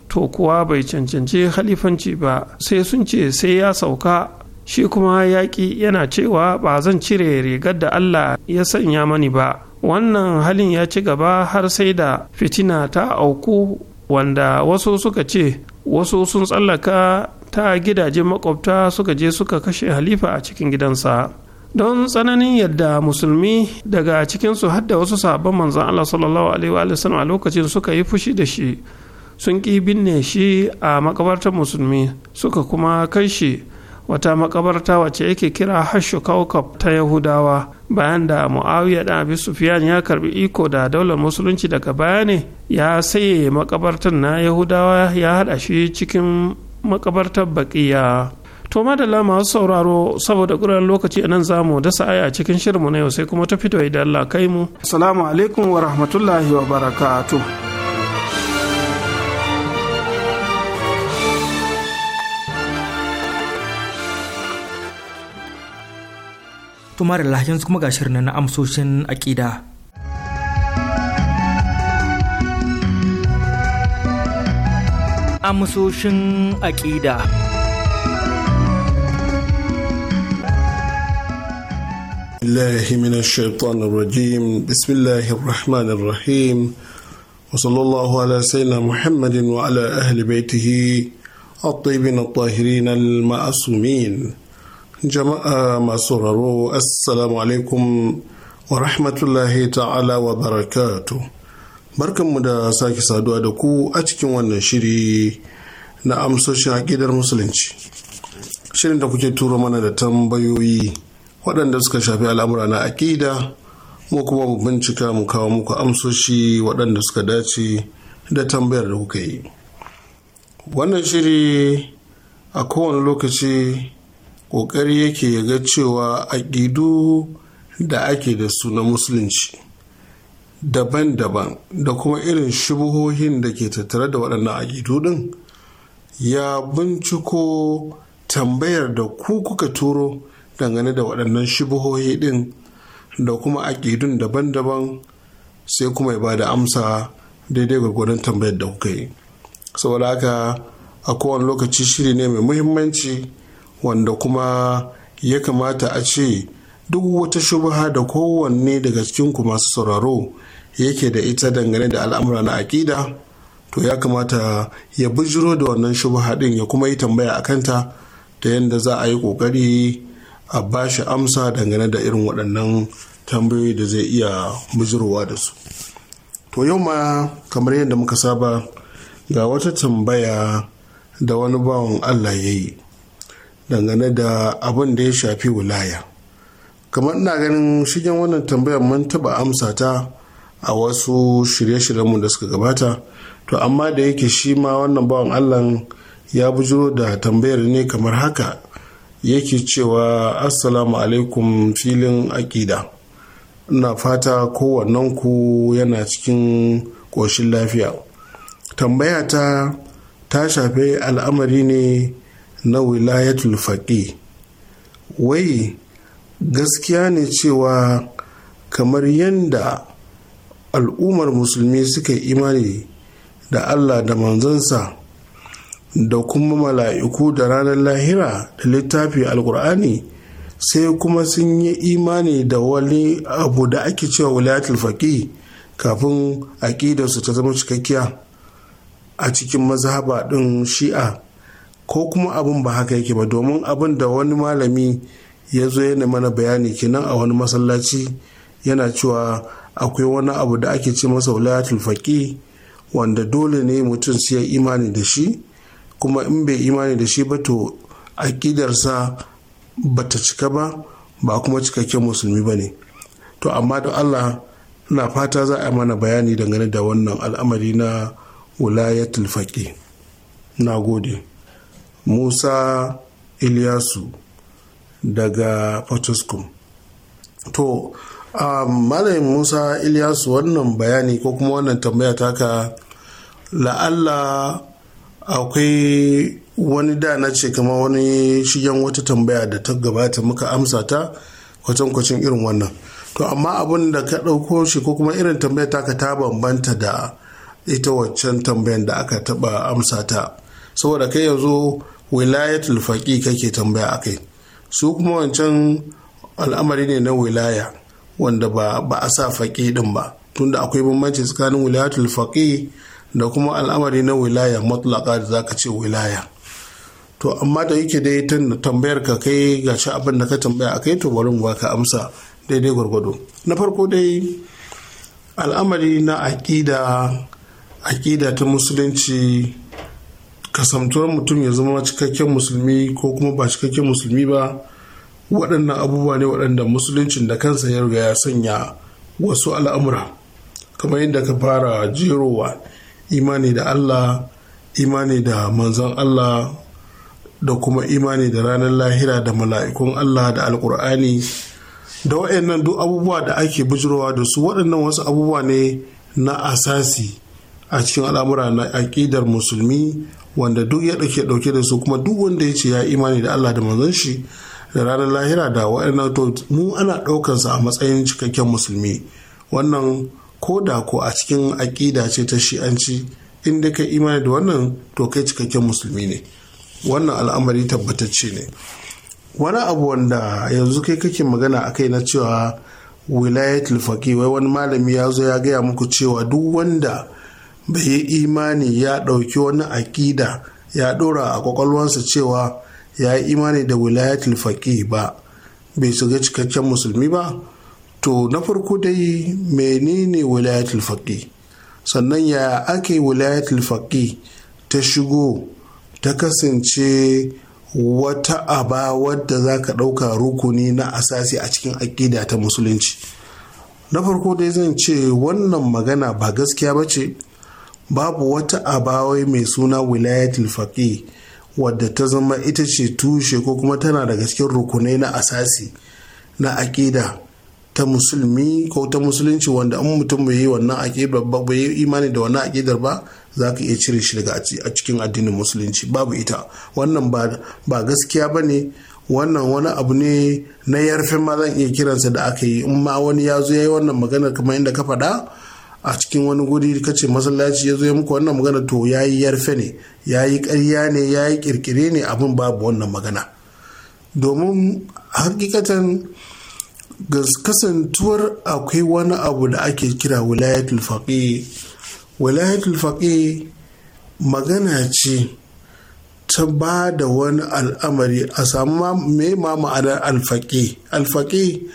to kuwa bai cancanci halifanci ba sai sun ce sai ya sauka shi kuma yaƙi yana cewa ba zan cire rigar da Allah ya sanya mani ba wannan halin ya ci gaba har sai da fitina ta auku wanda wasu suka ce wasu sun tsallaka ta gidajen makwabta suka je suka kashe halifa a cikin gidansa don tsananin yadda musulmi daga cikinsu hadda wasu sabon manzan Allah sallallahu alaihi wa sallam a lokacin suka yi fushi da shi sun ƙi binne shi a makabartar musulmi suka kuma kai shi wata makabarta wacce yake kira hashu kaukab ta yahudawa bayan da muawiya da abi sufiyan ya karbi iko da daular musulunci daga baya ne ya saye makabartar na yahudawa ya haɗa shi cikin makabartar baƙiya To madalla masu sauraro saboda ƙuran lokaci nan za mu dasa aya a cikin shirinmu na yau sai kuma ta fito idan Allah kai mu. Assalamu alaikum wa rahmatullahi wa barakatu. Tuma da yanzu kuma ga shirin na amsoshin aƙida. Amsoshin aƙida. بالله من الشيطان الرجيم بسم الله الرحمن الرحيم وصلى الله على سيدنا محمد وعلى أهل بيته الطيبين الطاهرين المعصومين جماعة ما سرروا السلام عليكم ورحمة الله تعالى وبركاته barkanmu da sake saduwa da ku a cikin wannan shiri na amsoshin aƙidar musulunci shirin da kuke turo mana da tambayoyi waɗanda suka shafi al'amura na aƙida mu kuma mu bincika mu kawo muku amsoshi waɗanda suka dace da tambayar da kuka yi wannan shiri a kowane lokaci ƙoƙari yake ga cewa aƙidu da ake da su na musulunci daban-daban da kuma irin shubuhohin da ke tattare da waɗannan aƙidu ɗin ya binciko tambayar da ku kuka turo dangane da waɗannan shubuhohi ɗin da kuma aƙidun daban-daban sai kuma ya ba da amsa daidai gwagwadon tambayar da kuka yi saboda haka a kowane lokaci shiri ne mai muhimmanci wanda kuma ya kamata a ce duk wata shubaha da kowanne daga cikinku masu sauraro yake da ita dangane da al'amura na aƙida to ya kamata ya bujiro da wannan shubaha ɗin ya kuma yi tambaya a kanta da yadda za a yi ƙoƙari a ba shi amsa dangane da irin waɗannan tambayoyi da zai iya bujurwa da su to yau ma kamar yadda muka saba ga wata tambaya da wani bawan allah ya yi dangane da abin da ya shafi wilaya kamar ina ganin shigen wannan tambayar mun taɓa amsa ta a wasu shirye-shiryenmu da suka gabata to amma da yake shi ma wannan bawan allah ya bujiro da tambayar ne kamar haka yake cewa assalamu alaikum filin aƙida ina fata kowannen ku yana cikin ƙoshin lafiya Tambayata ta ta shafi al'amari ne na wilayatul faƙi wai gaskiya ne cewa kamar yadda al'ummar musulmi suka imani da allah da manzansa da kuma mala'iku da ranar lahira da littafi alkur'ani sai kuma sun yi imani da wani abu da ake cewa wulayatul faƙi kafin aƙidarsu ta zama cikakkiya a cikin mazhaba ɗin shi'a ko kuma abin ba haka yake ba domin abin da wani malami ya zo yana mana bayani kenan a wani masallaci yana cewa akwai wani abu da ake ce masa wulayatul faƙi wanda dole ne mutum sai imani da shi kuma in bai imani da shi ba to aƙidarsa ba ta cika ba ba kuma cikakken musulmi ba ne to amma da allah na fata za a mana bayani dangane da wannan al'amari na wulayatul faƙi na gode musa iliyasu daga potoskum to um, malayin musa iliyasu wannan bayani ko kuma wannan tambaya taka la'alla akwai wani da na ce kama wani shigen wata tambaya da ta gabata muka amsa ta kwacin-kwacin irin wannan to amma abin da ka ɗauko shi ko kuma irin tambaya taka ta bambanta da ita waccan tambayan da aka taba amsa ta saboda kai yanzu wilayatul faƙi kake tambaya a kai su kuma wancan al'amari ne na wilaya wanda ba a sa faƙi din ba tunda akwai bambanci tsakanin wilayatul faƙi da kuma al'amari na wilaya mutlaka da zaka ce wilaya to amma da yake dai tun tambayar ka kai ga shi abin da ka tambaya a akai to bari mu baka amsa daidai gwargwado na farko dai al'amari na aƙida aƙida ta musulunci kasamtuwar mutum ya zama cikakken musulmi ko kuma ba cikakken musulmi ba waɗannan abubuwa ne waɗanda musuluncin da kansa ya riga ya sanya wasu al'amura kamar yadda ka fara jerowa imani da Allah imani da manzon Allah da kuma imani da ranar lahira da mala'ikun Allah da alkur'ani da waɗannan duk abubuwa da ake bujirowa da su waɗannan wasu abubuwa ne na asasi a cikin al'amura na aƙidar musulmi wanda duk ya ɗauke ɗauke da su kuma duk wanda ya ce ya imani da Allah da manzon shi da ranar lahira da waɗannan to mu ana ɗaukansa a matsayin cikakken musulmi wannan ko da ko a cikin aƙida ce ta shi'anci inda ka imani da wannan to kai cikakken musulmi ne wannan al'amari tabbatacce ne wani abu wanda yanzu kai kake magana a kai na cewa wilayatul faqih wai wani malami ya zo ya gaya muku cewa duk wanda bai yi imani ya ɗauki wani aƙida ya ɗora a kwakwalwansa cewa ya yi imani da wilayatul faqih ba bai shiga cikakken musulmi ba to na farko dai menene wilayatul faƙi sannan ya ake wilayatul faƙi ta shigo ta kasance wata aba wadda za ka ɗauka rukuni na asasi a cikin aƙida ta musulunci na farko dai zan ce wannan magana ba gaskiya ba ce babu wata abawai mai suna wilayatul faƙi wadda ta zama ita ce tushe ko kuma tana da cikin rukunai na asasi na aƙida ta musulmi ko ta musulunci wanda an mutum bai yi wannan aƙidar ba bai yi imani da wannan aƙidar ba za ka iya cire shi daga a cikin addinin musulunci babu ita wannan ba gaskiya ba ne wannan wani abu ne na yarfe ma zan iya kiransa da aka yi in ma wani ya zo ya yi wannan maganar kamar inda ka faɗa a cikin wani guri ka ce masallaci ya zo ya muku wannan magana to ya yi yarfe ne ya yi ƙarya ne ya yi ƙirƙire ne abin babu wannan magana domin hakikatan kasantuwar akwai wani abu da ake kira wilayatul faqih wilayatul faqih magana ce ta ba da wani al'amari a samu mai ma ma'anar alfaƙi alfaƙi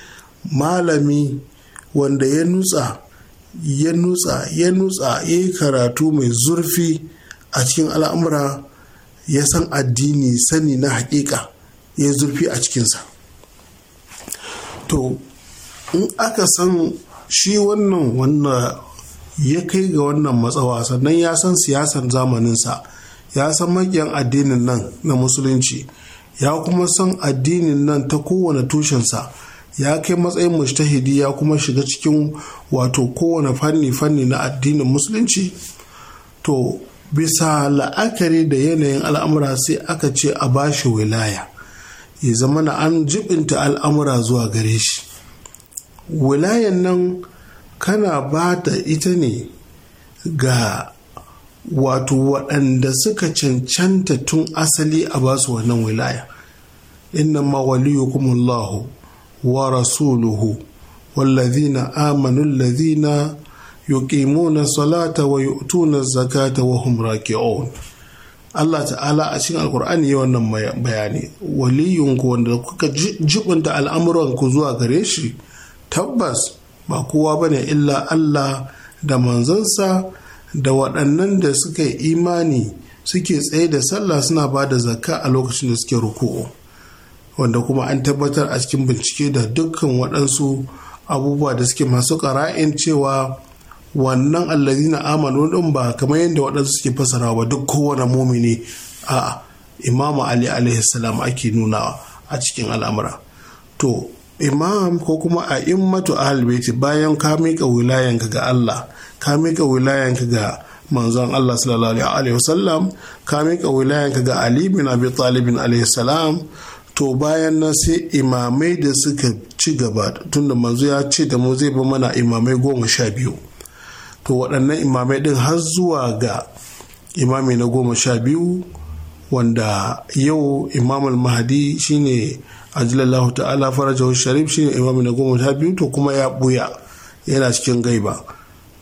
malami wanda ya nutsa ya nutsa ya nutsa ya yi karatu mai zurfi a cikin al'amura ya san addini sani na haƙiƙa ya zurfi a cikinsa to in aka san shi wannan wanda ya kai ga wannan matsawa sannan ya san siyasan zamaninsa ya san makiyan addinin nan na musulunci ya kuma san addinin nan ta kowane tushensa ya kai matsayin mujtahidi ya kuma shiga cikin wato kowane fanni-fanni na addinin musulunci to bisa la'akari da yanayin al'amura sai aka ce a bashi wilaya ya zama na an jibinta al'amura zuwa gare shi wilayan nan kana ba ta ita ne ga wato waɗanda suka cancanta tun asali a basu wannan wilaya ma innama waliyukumullahu wa rasuluhu wallazina amanu allazina yuqimuna salata wa yu'tuna zakata wa hum raki'un Allah ta'ala a cikin alkur'ani ya wannan bayani waliyunku wanda kuka jibinta ku zuwa gare shi tabbas ba kowa ba ne illa Allah da manzansa da waɗannan da suka yi imani suke tsaye da sallah suna ba da zakka a lokacin da suke ruku'u wanda kuma an tabbatar a cikin bincike da dukkan waɗansu abubuwa da suke masu ƙara'in cewa wannan na amanu din ba kamar yadda waɗansu suke fasara ba duk kowane mumini a imamu ali alaihi ake nunawa a cikin al'amura to imam ko kuma a immatu ahalbeti bayan ka miƙa wilayanka ga allah ka miƙa wilayanka ga manzon Allah sallallahu alaihi wasallam ka miƙa wilayanka ga Ali bin Abi talibin alaihi to bayan na sai imamai da suka ci gaba tunda manzo ya ce da mu zai bi mana imamai goma sha biyu to waɗannan imamai ɗin har zuwa ga imami na goma sha biyu wanda yau imamul mahadi shine ajilallahu ta'ala farajahu sharif shine imami na goma sha biyu to kuma ya buya yana cikin gaiba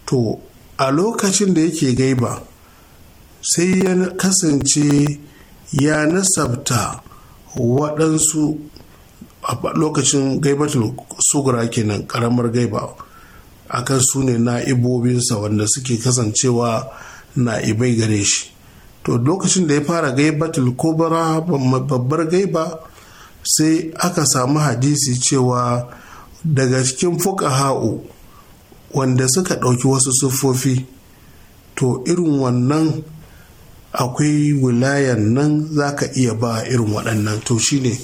to a lokacin da yake gaiba sai ya kasance ya nasabta waɗansu a lokacin gaibatul sugura kenan ƙaramar gaiba akan su ne na'ibobinsa wanda suke kasancewa na'ibai gare shi to lokacin da ya fara gaibatul kobara babbar gaiba sai aka samu hadisi cewa daga cikin ha'u wanda suka ɗauki wasu siffofi to irin wannan akwai wilayan nan za ka iya ba irin waɗannan to shine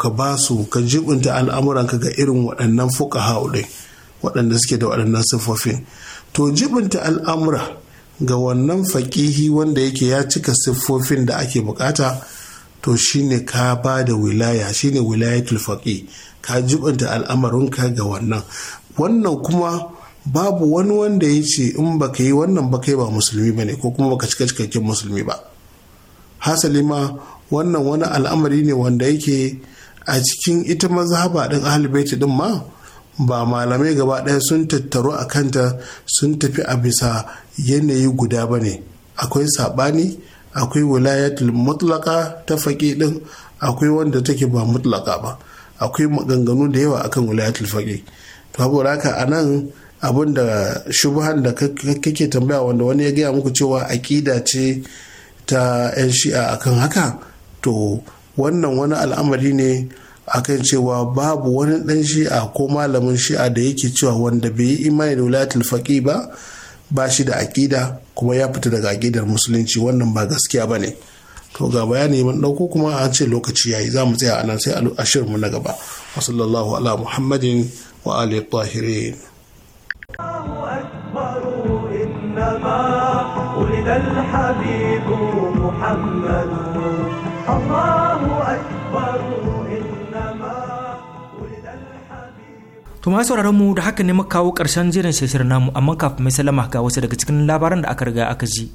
ka ba su ka jibinta al'amuranka ga irin waɗannan ha'u ɗin waɗanda suke da waɗannan siffofin to jibinta al'amura ga wannan faƙihi wanda yake ya cika siffofin da ake bukata to shine ka ba da wilaya shine wilayatul fakihi ka jibinta al'amarinka ga wannan wannan kuma babu wani wanda ya ce in baka yi wannan ba kai ba musulmi ba ne ko kuma baka cika cikakken musulmi ba hasali ma wannan wani al'amari ne wanda yake a cikin ita mazhaba din ahlul ɗin din ma ba malamai gaba ɗaya sun tattaru a kanta sun tafi a bisa yanayi guda ba ne akwai saɓani akwai wilayatul mutlaka ta faƙi ɗin akwai wanda take ba mutlaka ba akwai maganganu da yawa akan wilayatul faƙi to saboda haka a nan abin da shubuhan da kake tambaya wanda wani ya gaya muku cewa aƙida ce ta 'yan shi'a akan haka to wannan wani al'amari ne akan cewa babu wani dan shi'a ko malamin shi'a da yake cewa wanda bai yi imani da wilayatul ba ba shi da aƙida kuma ya fita daga aƙidar musulunci wannan ba gaskiya ba ne to ga bayani mun ɗauko kuma an ce lokaci yayi za mu tsaya anan sai a mu na gaba wa sallallahu ala muhammadin wa ali tahirin الحبيب To ma sauraron mu da haka ne muka kawo ƙarshen jiran shirin namu amma kafin mai salama ga wasu daga cikin labaran da aka riga aka ji.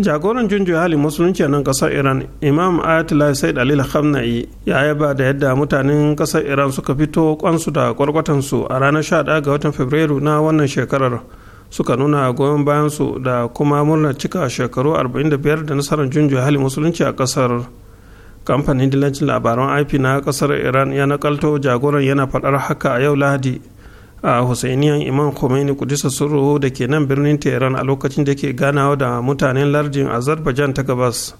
jagoran junjo hali musulunci nan kasar iran imam ayatollah said Ali Khamenei ya yaba da yadda mutanen kasar iran suka fito kwansu da kwarkwatansu a ranar 11 ga watan fabrairu na wannan shekarar suka nuna goyon bayansu da kuma murnar cika shekaru 45 da nasarar junjo hali musulunci a kasar kamfanin dilancin labaran ip na kasar iran ya nakalto jagoran yana faɗar haka a yau lahadi a husainiyan imam khomeini kudisa surruhu da ke nan birnin tehran a lokacin da ke ganawa da mutanen lardin azerbaijan ta gabas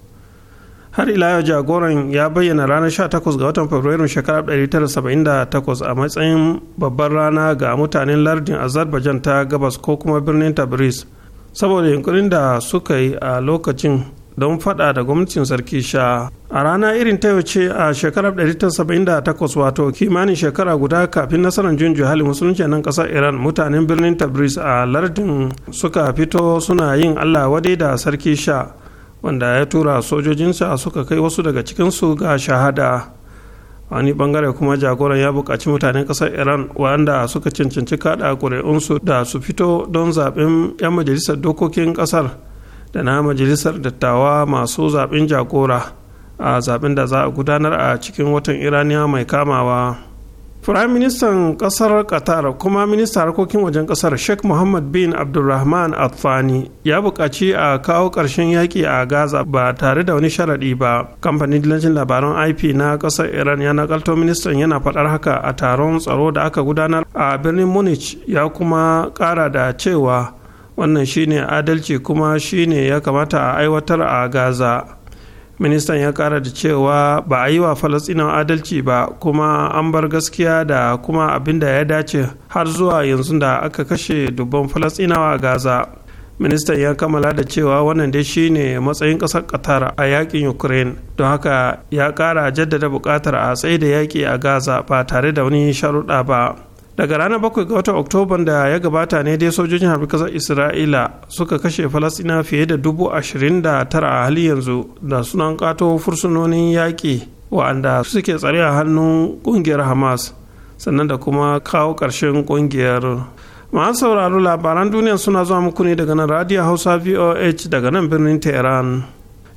har ila yau jagoran ya bayyana ranar 18 ga watan fabrairu shekarar 1978 a matsayin babbar rana ga mutanen lardin azerbaijan ta gabas ko kuma birnin tabriz saboda yunkurin da suka yi a lokacin don fada da gwamnatin sarki sha a rana irin ta yau ce a shekarar 1978 wato kimanin shekara guda kafin nasarar jin juhali musulunci nan kasar iran mutanen birnin tabriz a lardin suka fito suna yin allah wadai da sarki sha wanda ya tura sojojinsa suka kai wasu daga cikinsu ga shahada wani bangare kuma jagoran ya buƙaci mutanen ƙasar iran wanda suka cancanci kaɗa ƙuri'unsu da su fito don zaɓen 'yan majalisar dokokin ƙasar da na majalisar dattawa masu zaɓen jagora a zaɓen da za a gudanar a cikin watan iraniya mai kamawa firaministan kasar qatar kuma ministan harkokin wajen kasar sheikh muhammad bin abdulrahman athani ya buƙaci a kawo ƙarshen yaƙi a gaza ba tare da wani sharaɗi ba kamfanin dillancin labaran ip na ƙasar iran ya nakalto ministan yana faɗar haka a taron tsaro da aka gudanar a birnin munich ya kuma ƙara da cewa wannan shine adalci kuma shine ya kamata a aiwatar a gaza ministan ya kara da cewa ba a yi wa falasɗinawa adalci ba kuma an bar gaskiya da kuma abin da ya dace har zuwa yanzu da aka kashe dubban falasɗinawa a gaza ministan ya kammala da cewa wannan dai shine matsayin ƙasar qatar a yakin ukraine don haka ya kara jaddada buƙatar a tsaye da yaƙi a gaza ba tare da wani sharuɗa ba daga ranar bakwai ga watan oktoban da ya gabata ne dai sojojin harbi kasar isra'ila suka kashe falasina fiye da dubu ashirin da tara a hali yanzu da sunan kato fursunonin yaƙi wa'anda suke tsare a hannun ƙungiyar hamas sannan da kuma kawo ƙarshen ƙungiyar masu sauraro labaran duniya suna zuwa muku ne daga nan radio hausa voh daga nan birnin tehran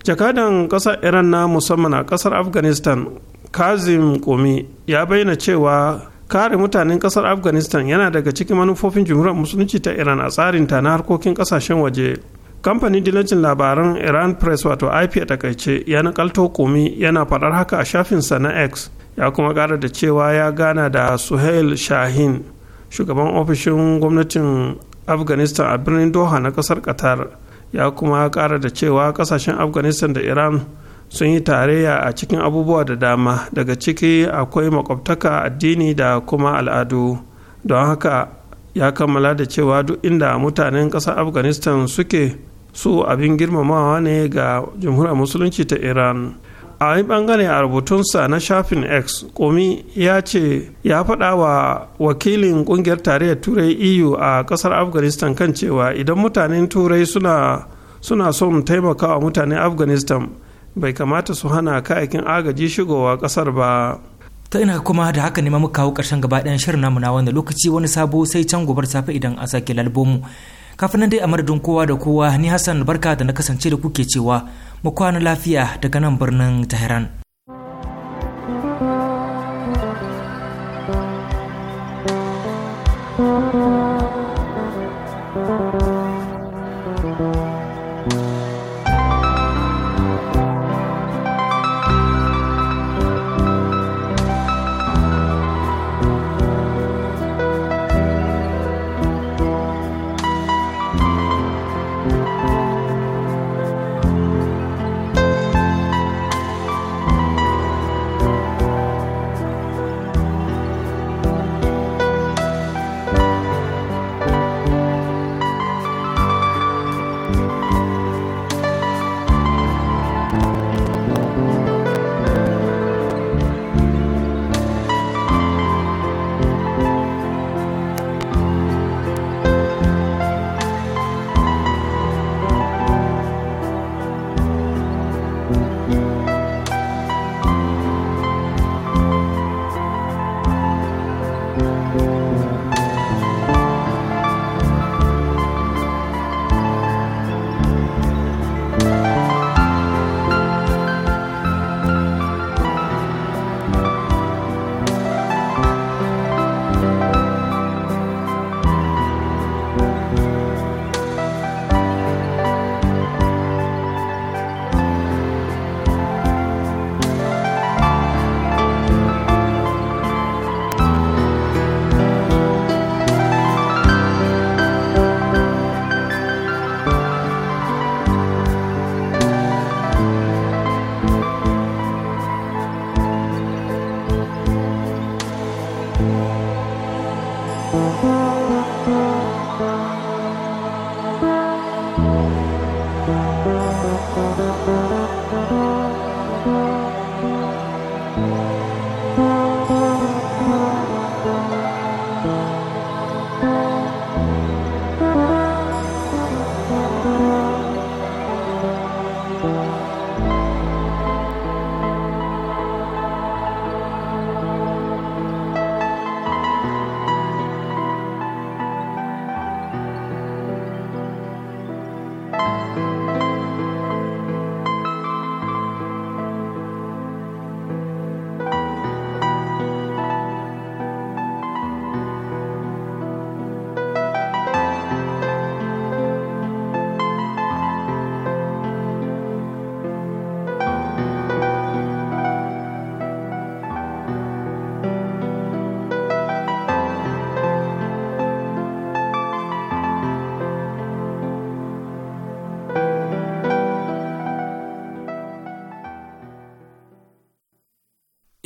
jakadan kasar iran na musamman a ƙasar afghanistan kazim komi ya bayyana cewa kare mutanen kasar afghanistan yana daga cikin manufofin jumhuriyar musulunci ta iran a tsarin ta na harkokin kasashen waje kamfanin dilancin labaran iran press wato ip a takaice ya nakalto komi yana faɗar haka a shafinsa na x ya kuma ƙara da cewa ya gana da suhail shahin shugaban ofishin gwamnatin afghanistan a birnin doha na ƙasar qatar ya kuma ƙara da cewa ƙasashen afghanistan da iran sun yi tarayya a cikin abubuwa da dama daga ciki akwai makwabtaka addini da kuma al'adu don haka ya kammala da cewa duk inda mutanen ƙasar afghanistan suke su abin girmamawa ne ga jamhuriyar musulunci ta iran a wani bangare a rubutunsa na shafin x komi ya ce ya faɗa wa wakilin ƙungiyar tarayyar turai eu a ƙasar afghanistan kan cewa idan mutanen turai suna suna son taimakawa mutanen afghanistan bai kamata su hana kayakin agaji shigowa kasar ba ta ina kuma da haka ne muka kawo ƙarshen gaba ɗayan shirin namu na wanda lokaci wani sabo sai can gobar safe idan an sake lalbomu kafin nan dai a madadin kowa da kowa ni hassan barka da na kasance da kuke cewa mu kwana lafiya daga nan birnin tehran